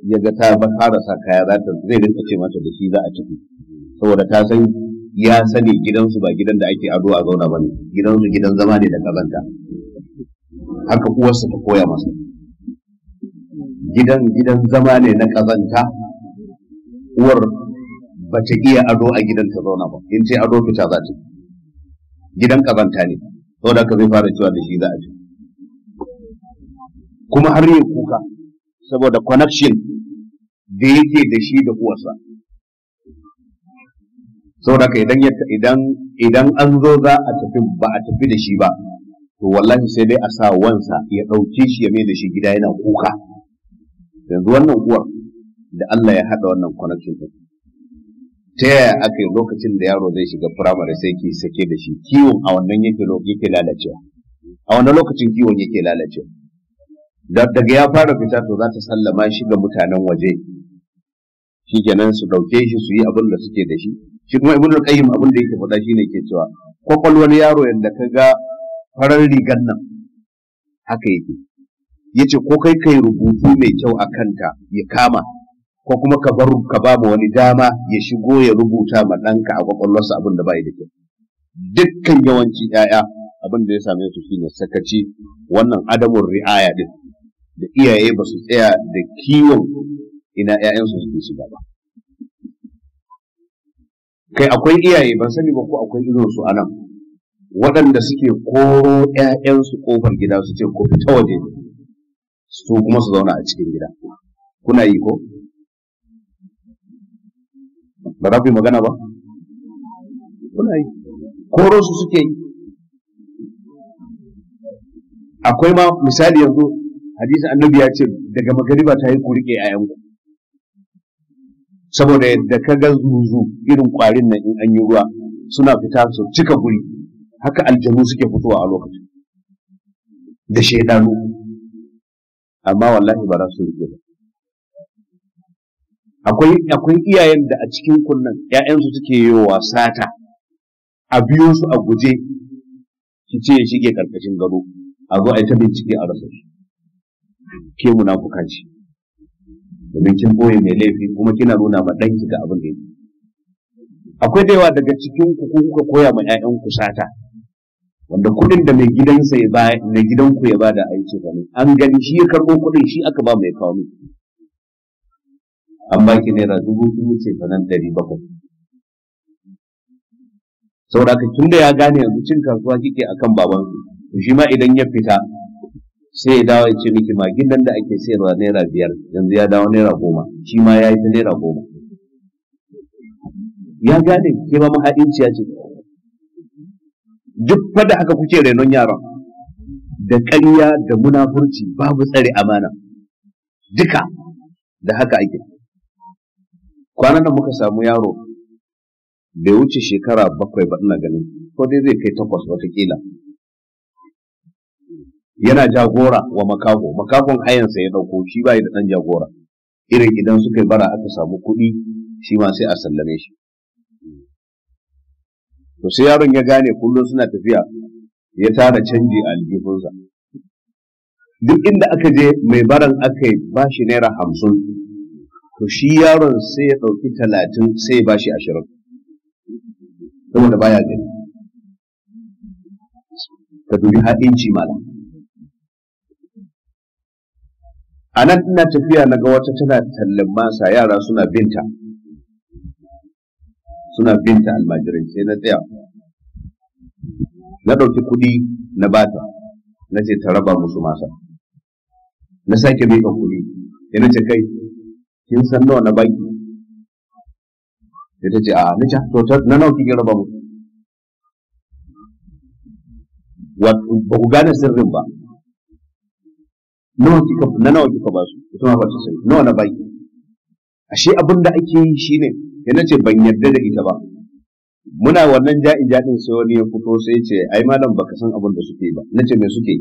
A: ya ga ta ba karasa kaya za ta zai rinka ce mata da shi za a ciki saboda ta san ya sani gidansu ba gidan da ake ado a zauna ba ne gidansu gidan zama ne da kazanta haka uwarsa ta koya masa gidan gidan zama ne na kazanta uwar ba ta iya ado a gidan ta zauna ba in ce ado fita za ta gidan kazanta ne saboda haka zai fara cewa da shi za a ciki kuma har yi kuka saboda connection da yake da shi da uwarsa saboda ka idan idan idan an zo za a tafi ba a tafi da shi ba to wallahi sai dai a sa wansa ya ɗauke shi ya mai da shi gida yana kuka yanzu wannan uwar da Allah ya haɗa wannan connection din ta yaya aka yi lokacin da yaro zai shiga firamare sai ke sake da shi kiwon a wannan yake lalacewa a wannan lokacin kiwon yake lalacewa daga ya fara fita to za ta sallama shi ga mutanen waje shi kenan su ɗauke shi su yi abin da suke da shi shi kuma ibnu qayyim abin da yake faɗa shine ke cewa kwakwalwar yaro yadda ka ga farar rigar nan haka yake yace ko kai kai rubutu mai kyau a kanta ya kama ko kuma ka bar ka ba mu wani dama ya shigo ya rubuta ma ɗanka a kwakwalwarsa abin da bai da kyau dukkan yawanci 'ya'ya abin da ya same su shine sakaci wannan adamun ri'aya din da iyaye ba su tsaya da kiwon ina 'ya'yansu suke shiga ba kai akwai iyaye ban sani ba ko akwai irin su anan waɗanda suke koro 'ya'yansu ƙofar gida su ce ko fita waje su kuma su zauna a cikin gida kuna yi ko ba za ku yi magana ba kuna yi koro su suke yi akwai ma misali yanzu hadisin annabi ya ce daga magariba ta yi ku a yanku. saboda yadda ka ga zuzu irin kwarin nan in an yi ruwa suna fita su cika guri haka aljanu suke fitowa a lokacin da shaidanu amma wallahi ba za su rike ba akwai akwai iyayen da a cikin kunnan su suke yi wa sata a biyo su a guje ki ce shi ke karkashin gado a zo a yi ta bincike a rasa shi ke munafuka ce domin kin boye mai laifi kuma kina nuna ma ɗanki ga abin da yake akwai da yawa daga cikin ku kuka koya ma ƴaƴan ku sata wanda kuɗin da mai gidansa ya ba mai gidanku ya ba da ce gani an gani shi ya karɓo kuɗin shi aka ba mai kawo an baki naira dubu biyu ce sanan ɗari bakwai saboda tun da ya gane yanzu cin kasuwa kike akan babansu shi ma idan ya fita sai ya dawo ya ce miki magin nan da ake sayarwa naira biyar yanzu ya dawo naira goma shi ma ya yi ta naira goma ya gane ke ma ya ce duk fada haka kuke renon yaron da ƙarya da munafurci babu tsare amana duka da haka ake kwanan nan muka samu yaro bai wuce shekara bakwai ba ina ganin ko dai zai kai takwas watakila yana jagora wa makaho makahon hayansa ya dauko shi bai da dan jagora irin idan suka bara aka samu kuɗi shi ma sai a sallame shi to sai yaron ya gane kullum suna tafiya ya tara canji a aljihunsa duk inda aka je mai baran aka yi ba naira hamsin to shi yaron sai ya ɗauki talatin sai ya ba shi ashirin saboda baya gani ka dubi ha'inci malam a nan ina tafiya na ga wata tana tallan masa yara suna binta suna binta almajirin sai na tsaya na ɗauki kuɗi na bata na ce ta raba musu masa na sake miƙa kuɗi sai na ce kai kin san nawa na baki sai ta ce a na ce to na nawa kike raba musu ba ku gane sirrin ba nawa kika na nawa kika ba su ita ma ba ta sani nawa na baki ashe abin da ake yi shine yana ce ban yarda da ita ba muna wannan ja'i jaɗin sai wani ya fito sai ya ce ai malam baka san abin da suke ba nace me suke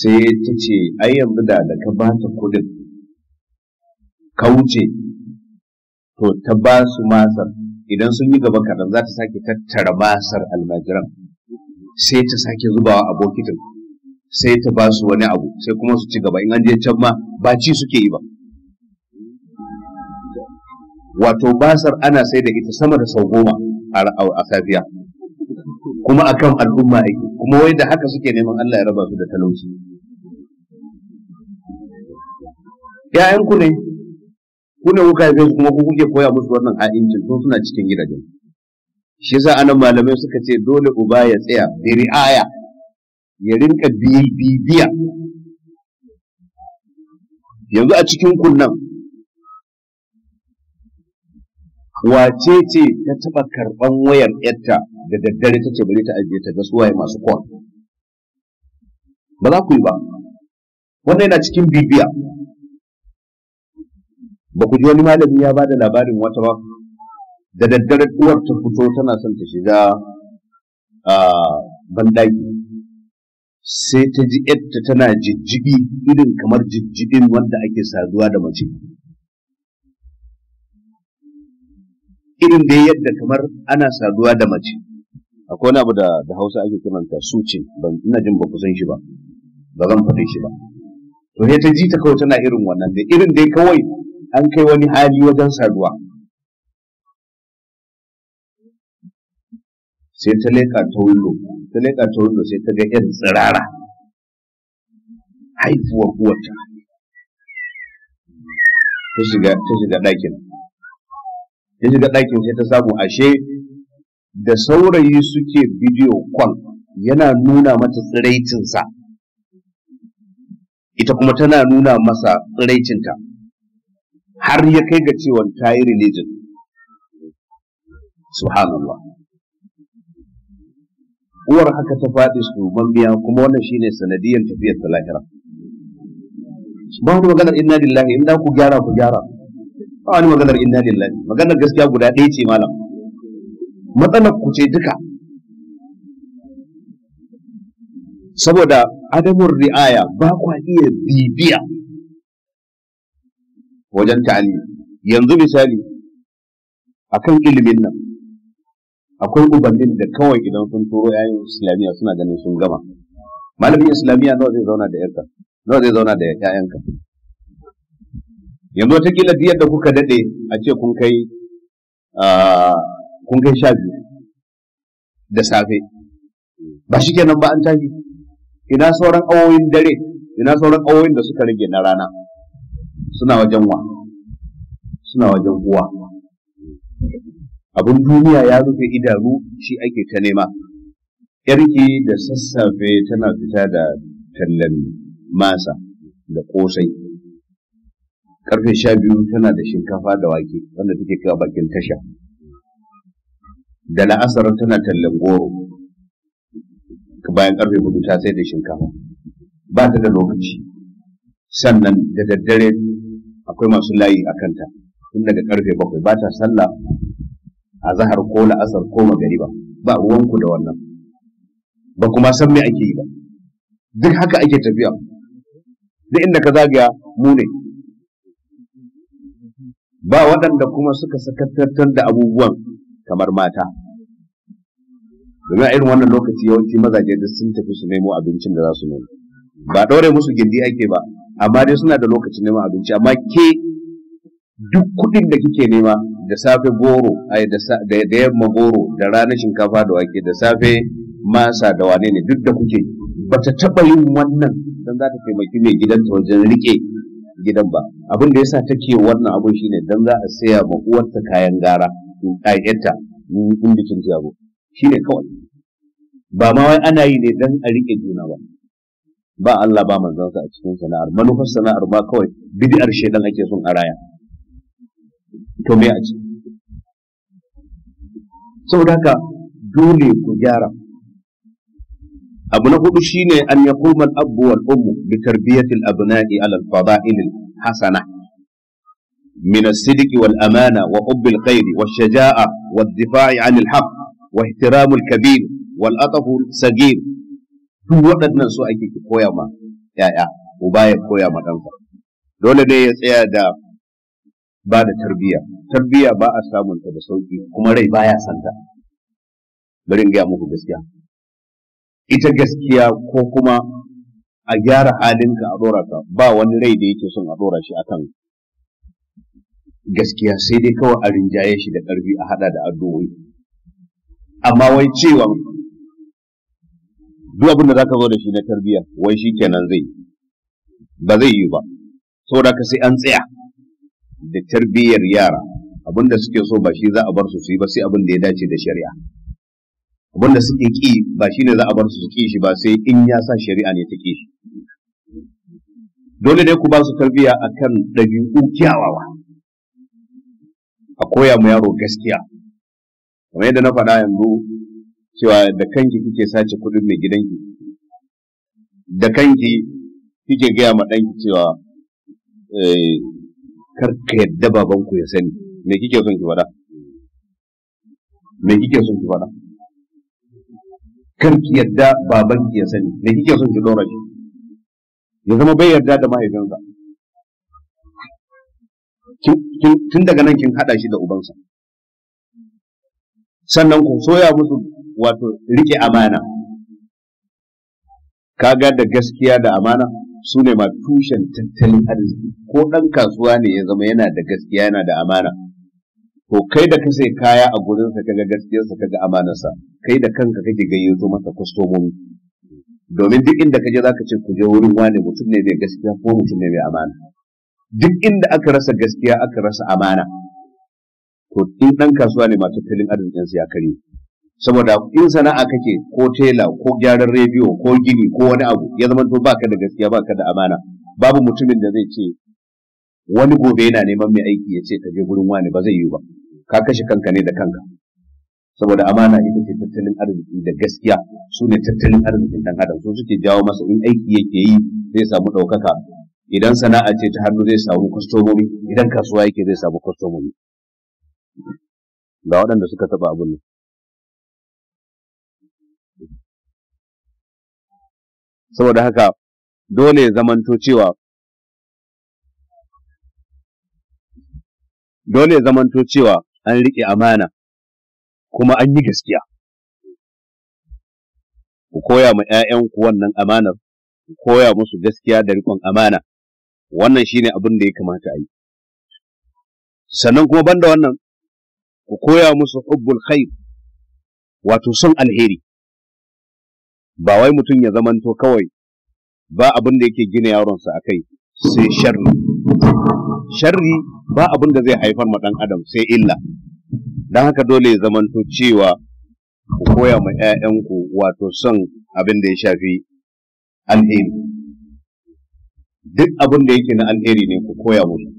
A: sai ta ce ai yanzu da da ka ba ta kudin ka wuce to ta ba su masar idan sun yi gaba kaɗan za ta sake tattara masar almajiran sai ta sake zubawa abokitin sai ta ba su wani abu sai kuma su ci gaba in an je can ma ba ci suke yi ba wato basar ana sai da ita sama da sau goma a safiya kuma akan al'umma yake kuma wai da haka suke neman Allah ya raba su da talauci ‘ya'yanku ne ku ne kuka haife kuma ku kuke koya musu wannan ha'incin tun suna cikin gidajen shi yasa anan malamai suka ce dole uba ya tsaya bi ri'aya ya rinka bibiya yanzu a cikin kunnan wace ce ta taɓa karɓan wayar yarta da daddare ta ce bari ta ajiye ta ga suwaye masu kwan ba za ku yi ba wannan yana cikin bibiya ba ku ji wani malami ya ba da labarin wata ba da daddare uwar ta fito tana son ta shiga a ah, bandaki sai ta ji yadda tana jijjibi irin kamar jijjibin wanda ake saduwa da mace irin da yadda kamar ana saduwa da mace akwai wani abu da da hausa ake kiranta sucin ban ina jin ba ku san shi ba ba zan faɗi shi ba to sai ta ji ta kawai tana irin wannan da irin dai kawai an kai wani hali wajen saduwa sai ta leka ta wullo ta leƙa ta wurin sai ta ga ‘yan tsirara haifuwar uwarta ta shiga ɗakin ta shiga ɗakin sai ta samu ashe da saurayi suke bidiyo kwan yana nuna mata tsiraicinsa ita kuma tana nuna masa tsiraicinta har ya kai ga cewa ta yi religion subhanallah uwar haka ta faɗi su mambiya kuma wannan shine sanadiyar tafiyar ta lahira ba wani maganar inna lillahi in ku gyara ku gyara ba wani maganar inna lillahi maganar gaskiya guda ɗaya ce malam matsalar ku ce duka saboda adamun ri'aya ba kwa iya bibiya wajen ta'ali yanzu misali akan ilimin nan akwai ubannin da kawai idan sun turo yayin islamiyya suna ganin sun gama malamin islamiyya nawa zai zauna da yarka nawa zai zauna da yayanka yanzu wata kila da kuka dade a ce kun kai kun kai sha biyu da safe ba shi kenan ba an tashi ina sauran awoyin dare ina sauran awoyin da suka rage na rana suna wajen wa suna wajen uwa abin duniya ya rufe idanu shi ake ta nema yarki da sassafe tana fita da tallan masa da kosai karfe sha biyu tana da shinkafa da wake wanda take kawo bakin tasha da la'asar tana tallan goro bayan karfe hudu ta sai da shinkafa ba ta da lokaci sannan da daddare akwai masu layi a kanta tun daga karfe bakwai ba ta sallah a zahar ko la'asar ko magariba ba ruwanku da wannan ba kuma san me ake yi ba duk haka ake tafiya duk inda ka zagaya mu ne ba waɗanda kuma suka sakattar da abubuwan kamar mata domin a irin wannan lokaci yawanci mazaje da sun tafi su nemo abincin da za su nemo ba ɗaure musu gindi ake ba amma dai suna da lokacin neman abinci amma ke duk kuɗin da kike nema da safe goro da yamma goro da rana shinkafa da wake da safe masa da wane ne duk da kuke ba ta taɓa yin wannan don za ta taimaki mai gidanta wajen riƙe gidan ba abin da yasa take wannan abin shine don za a saya ma uwarta kayan gara ƙayyata in bikin ta yabo shine kawai ba ma wai ana yi ne dan a rike juna ba ba Allah ba manzansa a cikin sana'ar manufar sana'ar ma kawai bid'ar shedan ake son araya. to me a ce saboda haka dole ku gyara abu na hudu shine an yaquma al-abu wal ummu bi tarbiyati al-abna'i ala al-fada'il hasana من الصدق والأمانة وحب الخير والشجاعة والدفاع عن الحق واحترام الكبير والأطف الصغير duk waɗannan su ake ki koya ma ‘ya'ya, uba ya koya ma ɗansa. Dole ne ya tsaya da ba da tarbiyya tarbiyya ba a samunta da sauki kuma rai baya santa bari in gaya muku gaskiya ita gaskiya ko kuma a gyara halinka a dora ka ba wani rai da yake son a dora shi akan gaskiya sai dai kawai a rinjaye shi da ƙarfi a hada da addu'o'i amma wai cewa duk abin da zaka zo da shi na tarbiyya wai shi kenan zai ba zai yi ba saboda ka sai an tsaya da tarbiyyar yara abinda suke so ba shi za a bar su su yi ba sai abin da ya dace da shari'a abinda suke ki ba shi ne za a bar su su ki shi ba sai in ya sa shari'a ne ta ki shi dole ne ku ba su tarbiyya akan ɗabi'u kyawawa a koya mu yaro gaskiya kamar yadda na faɗa yanzu cewa da kanki kike sace kuɗin mai gidanki da kanki kike gaya ma ɗanki cewa eh, kar ka yadda babanku ya sani me kike son ki faɗa me kike son ki faɗa kar ki yadda babanki ya sani me kike son ki dora shi ya zama bai yarda da mahaifinsa tun daga nan kin haɗa shi da ubansa sannan ku soya musu wato rike amana Ka ga da gaskiya da amana su ne ma tushen tattalin arziki ko ɗan kasuwa ne ya zama yana da gaskiya yana da amana to kai da ka sai kaya a gurinsa kaga gaskiyarsa kaga amanarsa kai da kanka kake gayyato masa kwastomomi domin duk inda ka je zaka ce ku je wurin wani, mutum ne mai gaskiya ko mutum ne mai amana duk inda aka rasa gaskiya aka rasa amana to in ɗan kasuwa ne ma tattalin sa ya karye saboda in sana'a kake ko tela ko gyaran rediyo ko gini ko wani abu ya zama to baka da gaskiya baka da amana babu mutumin da zai ce wani gobe yana neman mai aiki ya ce ka je gurin wani ba zai yi ba ka kashe kanka ne da kanka saboda amana ita ce tattalin arziki da gaskiya su ne tattalin arzikin dan adam su suke jawo masa in aiki yake yi zai samu ɗaukaka idan sana'a ce ta hannu zai samu kwastomomi idan kasuwa yake zai samu kwastomomi ga waɗanda suka taɓa abin nan saboda haka dole ya zamanto cewa dole ya zamanto cewa an riƙe amana kuma an yi gaskiya ku koya ma 'ya'yanku wannan amanar ku koya musu gaskiya da riƙon amana wannan shine abin da ya kamata a yi sannan kuma banda wannan ku koya musu hubbul khair wato son alheri ba wai mutum ya zamanto kawai ba abin da yake gina yaronsa a kai sai sharri sharri ba abin da zai haifar ma ɗan adam sai illa don haka dole ya zamanto cewa ku koya ma 'ya'yanku wato son abin da ya shafi alheri duk abin da yake na alheri ne ku koya musu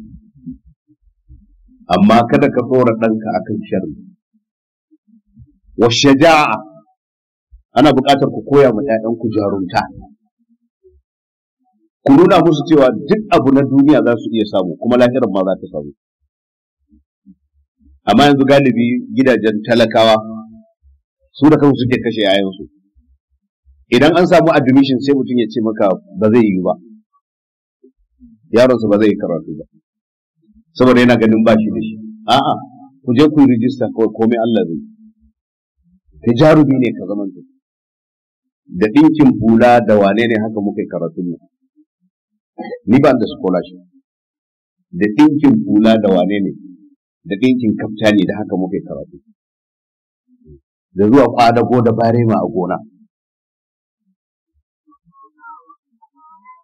A: amma kada ka tsora ɗanka akan sharri wa shaja'a ana buƙatar ku koya ma ku jarumta ku nuna musu cewa duk abu na duniya za su iya samu kuma lahirar ma za ta samu amma yanzu galibi gidajen talakawa su da kansu suke kashe yayansu idan an samu admission sai mutum ya ce maka ba zai yi ba yaronsa ba zai yi karatu ba saboda yana ganin ba shi da shi a'a ku je ku yi rijista kawai komai Allah zai kai jarumi ne ka zama da ɗinkin hula da wane ne haka muka yi karatun nan ni ba da scholarship da ɗinkin hula da wane ne da ɗinkin kaftani da haka muka yi karatu da zuwa kwadago da barema a gona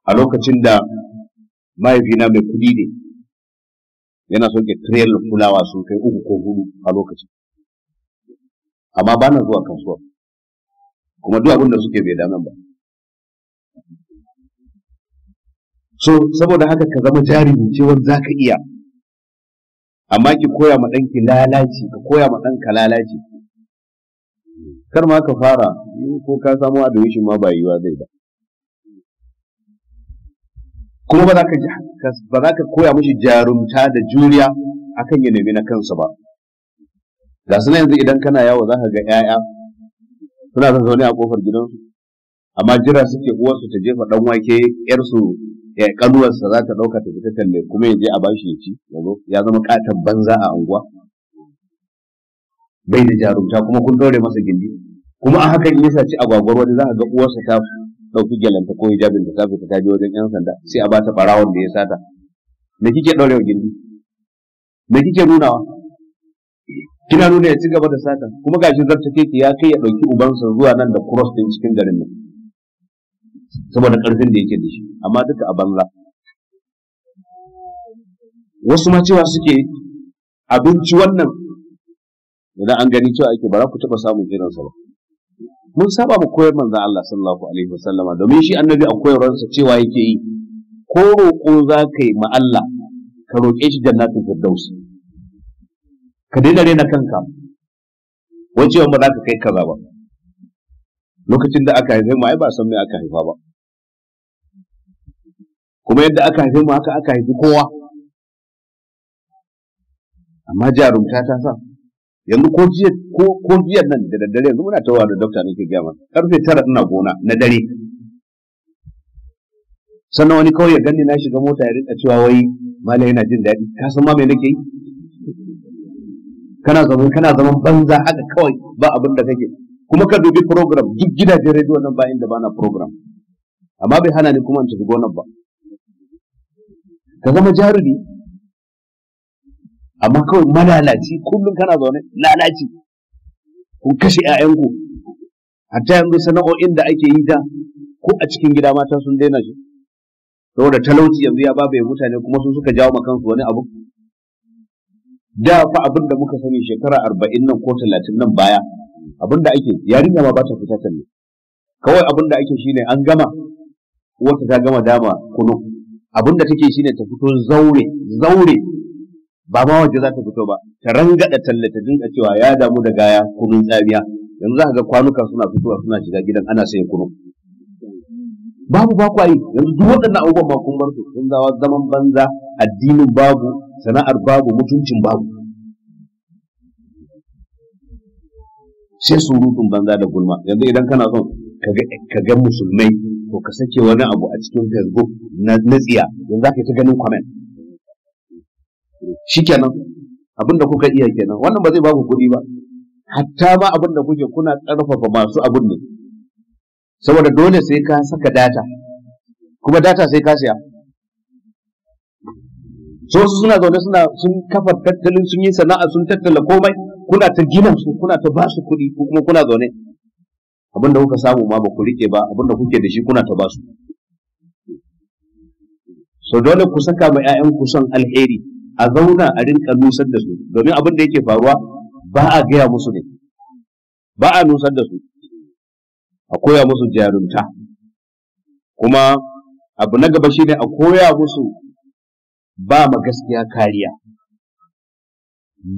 A: a lokacin da mahaifina mai kudi ne yana soke trail fulawa sun kai uku ko hudu a lokacin amma ba na zuwa kasuwa kuma duk abin da suke bai nan ba so saboda haka ka zama jarumi cewar za ka iya amma ki koya ma ɗanki lalaci ka koya ma ɗanka lalaci kar ma ka fara ko ka samu dawishin ma ba yiwa zai ba kuma ba za ka koya mashi jarumta da juriya akan ya nemi na kansa ba ga na yanzu idan kana yawo za ka ga 'ya'ya suna son zaune a kofar gidansu amma jira suke uwarsu ta jefa dan wake yarsu ya eh, kanuwarsa za ta dauka ta fita talle kuma ya je a bashi ya ci ya zama katan banza a unguwa bai da jarumta kuma kun daure masa gindi kuma a hakan yasa ci agwagwar wani za a ga uwarsa ta dauki gyalanta ko hijabin ta fita ta je wajen yan sanda sai a ba ta barawon da ya sata me kike daurewa gindi me kike nunawa kina nuna ya ci gaba da sata kuma gashi zarta keke ya kai ya ɗauki ubansa zuwa nan da cross din cikin garin nan saboda ƙarfin da yake da shi amma duka a banza wasu ma cewa suke abinci wannan idan an gani cewa ake ba za ku taɓa samun sa ba mun saba mu koyar manzon Allah sallallahu alaihi wasallama domin shi annabi a koyarwarsa cewa yake yi ko roƙo zakai ma Allah ka roƙe shi jannatin firdausi ka daina rena kanka wace ba za ka kai kaza ba lokacin da aka haife mu ai ba san me aka haifa ba kuma yadda aka haife mu haka aka haifi kowa amma jarumta ta sa yanzu ko jiya ko ko jiya nan da daddare yanzu muna tawa da dokta nake gaya masa karfe tara ina gona na dare sannan wani kawai ya gani na shiga mota ya rinka cewa wai malai yana jin daɗi ka san ma me nake yi kana zaman kana zaman banza haka kawai ba abin da kake kuma ka dubi program duk gidajen rediyo nan bayan da bana program amma bai hana ni kuma in tafi gonar ba ka zama jarumi amma kawai malalaci kullum kana zaune lalaci kun kashe 'ya'yanku hatta yanzu sana'o'in da ake yi da ko a cikin gida mata sun daina shi saboda talauci yanzu ya babaye mutane kuma sun suka jawo ma wani abu da fa abin da muka sani shekara arba'in nan ko talatin nan baya abin da ake yarinya ma ba ta fita sanne kawai abin da ake shine an gama wata ta gama dama kunu abin da take shine ta fito zaure zaure ba ma waje za ta fito ba ta rangada ta dinga cewa ya damu da gaya kunun tsamiya yanzu za ka ga kwanuka suna fitowa suna shiga gidan ana sayan kunu babu ba yanzu duk waɗannan abubuwan ma kun bar su sun zama zaman banza addinin babu sana'ar babu mutuncin babu sai surutun banza da gulma yanzu idan kana son ka ga musulmai ko ka sake wani abu a cikin facebook na tsiya yanzu za ka ta ganin comment shikenan abin da kuka iya kenan wannan ba zai babu kuɗi ba hatta ma abin da kuke kuna ƙarfafa masu abin ne saboda dole sai ka saka data kuma data sai ka siya wasu suna zaune suna sun kafa tattalin sun yi sana'a sun tattala komai kuna ta gina su kuna ta ba kuɗi ko kuma kuna zaune abin da kuka samu ma ba ku rike ba abin da kuke da shi kuna ta ba so dole ku saka ma ƴaƴan ku son alheri a zauna a rinka nusar da su domin abin da yake faruwa ba a gaya musu ne ba a nusar da su a koya musu jarumta kuma abu na gaba shine a koya musu ba ma gaskiya kariya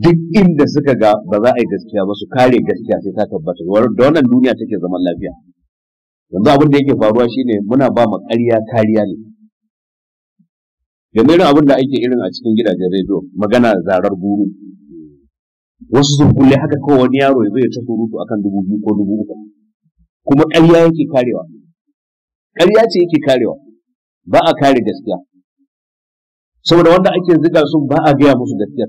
A: duk inda suka ga ba za a yi gaskiya ba su kare gaskiya sai ta tabbata da wannan duniya take zaman lafiya yanzu abin da yake faruwa shine muna ba ma ƙarya kariya ne game da abin da ake irin a cikin gidajen rediyo magana zarar guru wasu sun kulle haka kawai wani yaro ya zai ta surutu akan dubu biyu ko dubu uku kuma ƙarya yake karewa ƙarya ce yake karewa ba a kare gaskiya saboda wanda ake zika sun ba a gaya musu gaskiya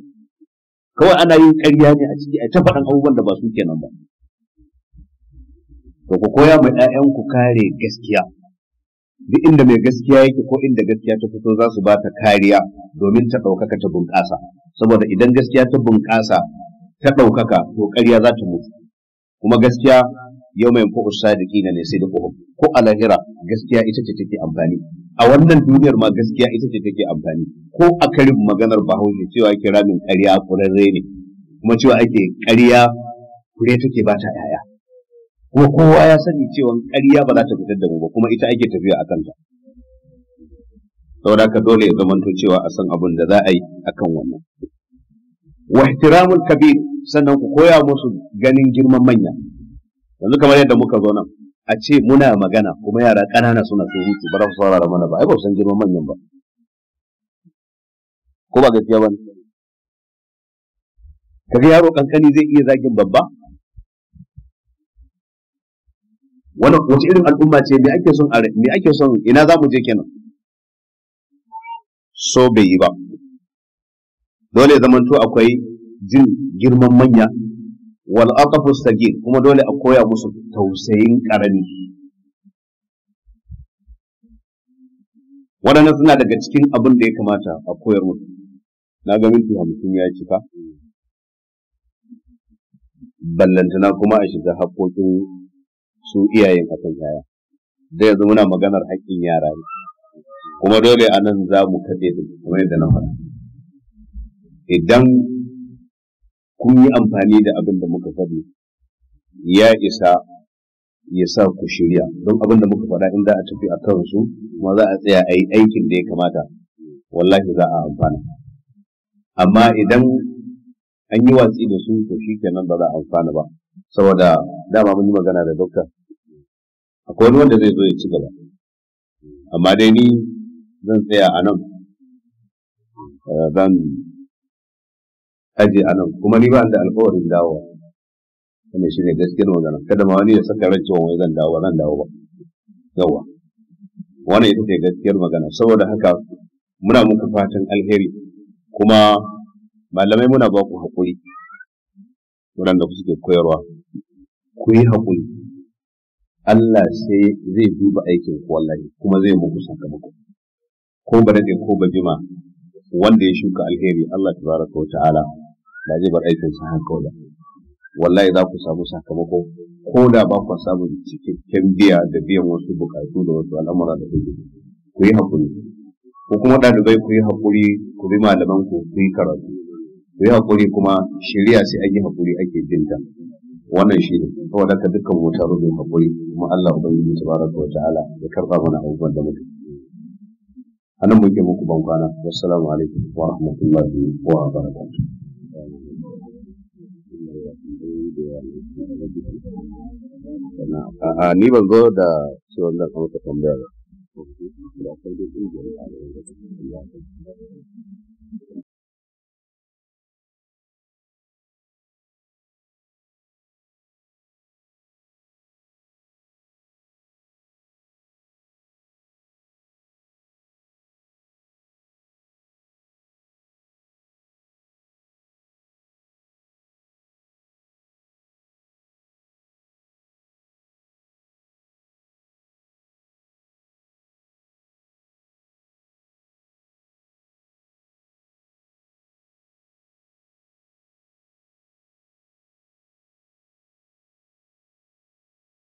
A: kawai ana yin ƙarya ne a ciki a ta faɗin abubuwan da ba su kenan ba to ku koya ma ku kare gaskiya duk inda mai gaskiya yake ko inda gaskiya ta fito za su ba ta kariya domin ta ɗaukaka ta bunƙasa saboda idan gaskiya ta bunƙasa ta ɗaukaka to ƙarya za ta mutu kuma gaskiya yau mai fa'us sadiqina ne sai da ko a lahira gaskiya ita ce take amfani a wannan duniyar ma gaskiya ita ce take amfani ko a karin maganar bahaushe cewa ake ramin ƙarya kurarre ne kuma cewa ake ƙarya kure take ba ta yaya kuma kowa ya sani cewa ƙarya ba za ta fitar da mu ba kuma ita ake tafiya a kanta saboda ka dole ya zamanto cewa a san abin da za a yi a kan wannan wa ihtiramul kabir sannan ku koya musu ganin girman manya yanzu kamar yadda muka zo nan a ce muna magana kuma yara ƙanana suna hutu ba su saurara mana ba ai ba san girman manyan ba ko ba gaskiya ba ga yaro kankani zai iya zagin babba wannan wace irin al'umma ce me ake son me ake son ina za mu je kenan so bai yi ba dole zamanto akwai jin girman manya wal aqfu sagir kuma dole a koya musu tausayin karami waɗannan suna daga cikin abin da ya kamata a koyar musu na ga minti hamsin ya cika ballantana kuma a shiga haƙoƙin su iyayen akan yaya da yanzu muna maganar haƙƙin yara ne kuma dole a nan za mu kaɗe su kamar yadda na faɗa idan kun yi amfani da abin da muka faɗi ya isa ya sa ku shirya don abin da muka faɗa in za a tafi a kansu kuma za a tsaya a yi aikin da ya kamata wallahi za a amfana amma idan an yi watsi da su to shi kenan ba za a amfana ba saboda dama mun yi magana da dokta akwai wanda zai zo ya ci gaba amma dai ni zan tsaya a nan eh, zan aje a nan kuma ni ba da alƙawarin dawowa wannan shine gaskiyar magana kada ma wani ya saka ran cewa wai zan dawo ba zan dawo ba yawa wannan ita ce gaskiyar magana saboda haka muna muku fatan alheri kuma malamai muna ba ku haƙuri waɗanda ku suke koyarwa ku yi haƙuri Allah sai zai duba aikin ku wallahi kuma zai muku sakamako ko ba dade ko ba jima wanda ya shuka alheri Allah tabaraka wa ta'ala ba zai bar aikin sa haka ba wallahi za ku samu sakamako ko da ba ku samu cikakken biya da biyan wasu bukatu da wasu al'amura da kuke ku yi hakuri ko kuma ɗalibai ku yi hakuri ku bi malaman ku ku yi karatu ku yi hakuri kuma shirya sai an yi hakuri ake jinta wannan shi ne saboda ka dukkan mu taro hakuri kuma Allah ubangiji tabaraka wa ta'ala ya karba mana abubuwan da muke anan muke muku bankwana wassalamu alaikum wa rahmatullahi wa barakatuh a ni ban zo da ciwon zan amsa tambaya ba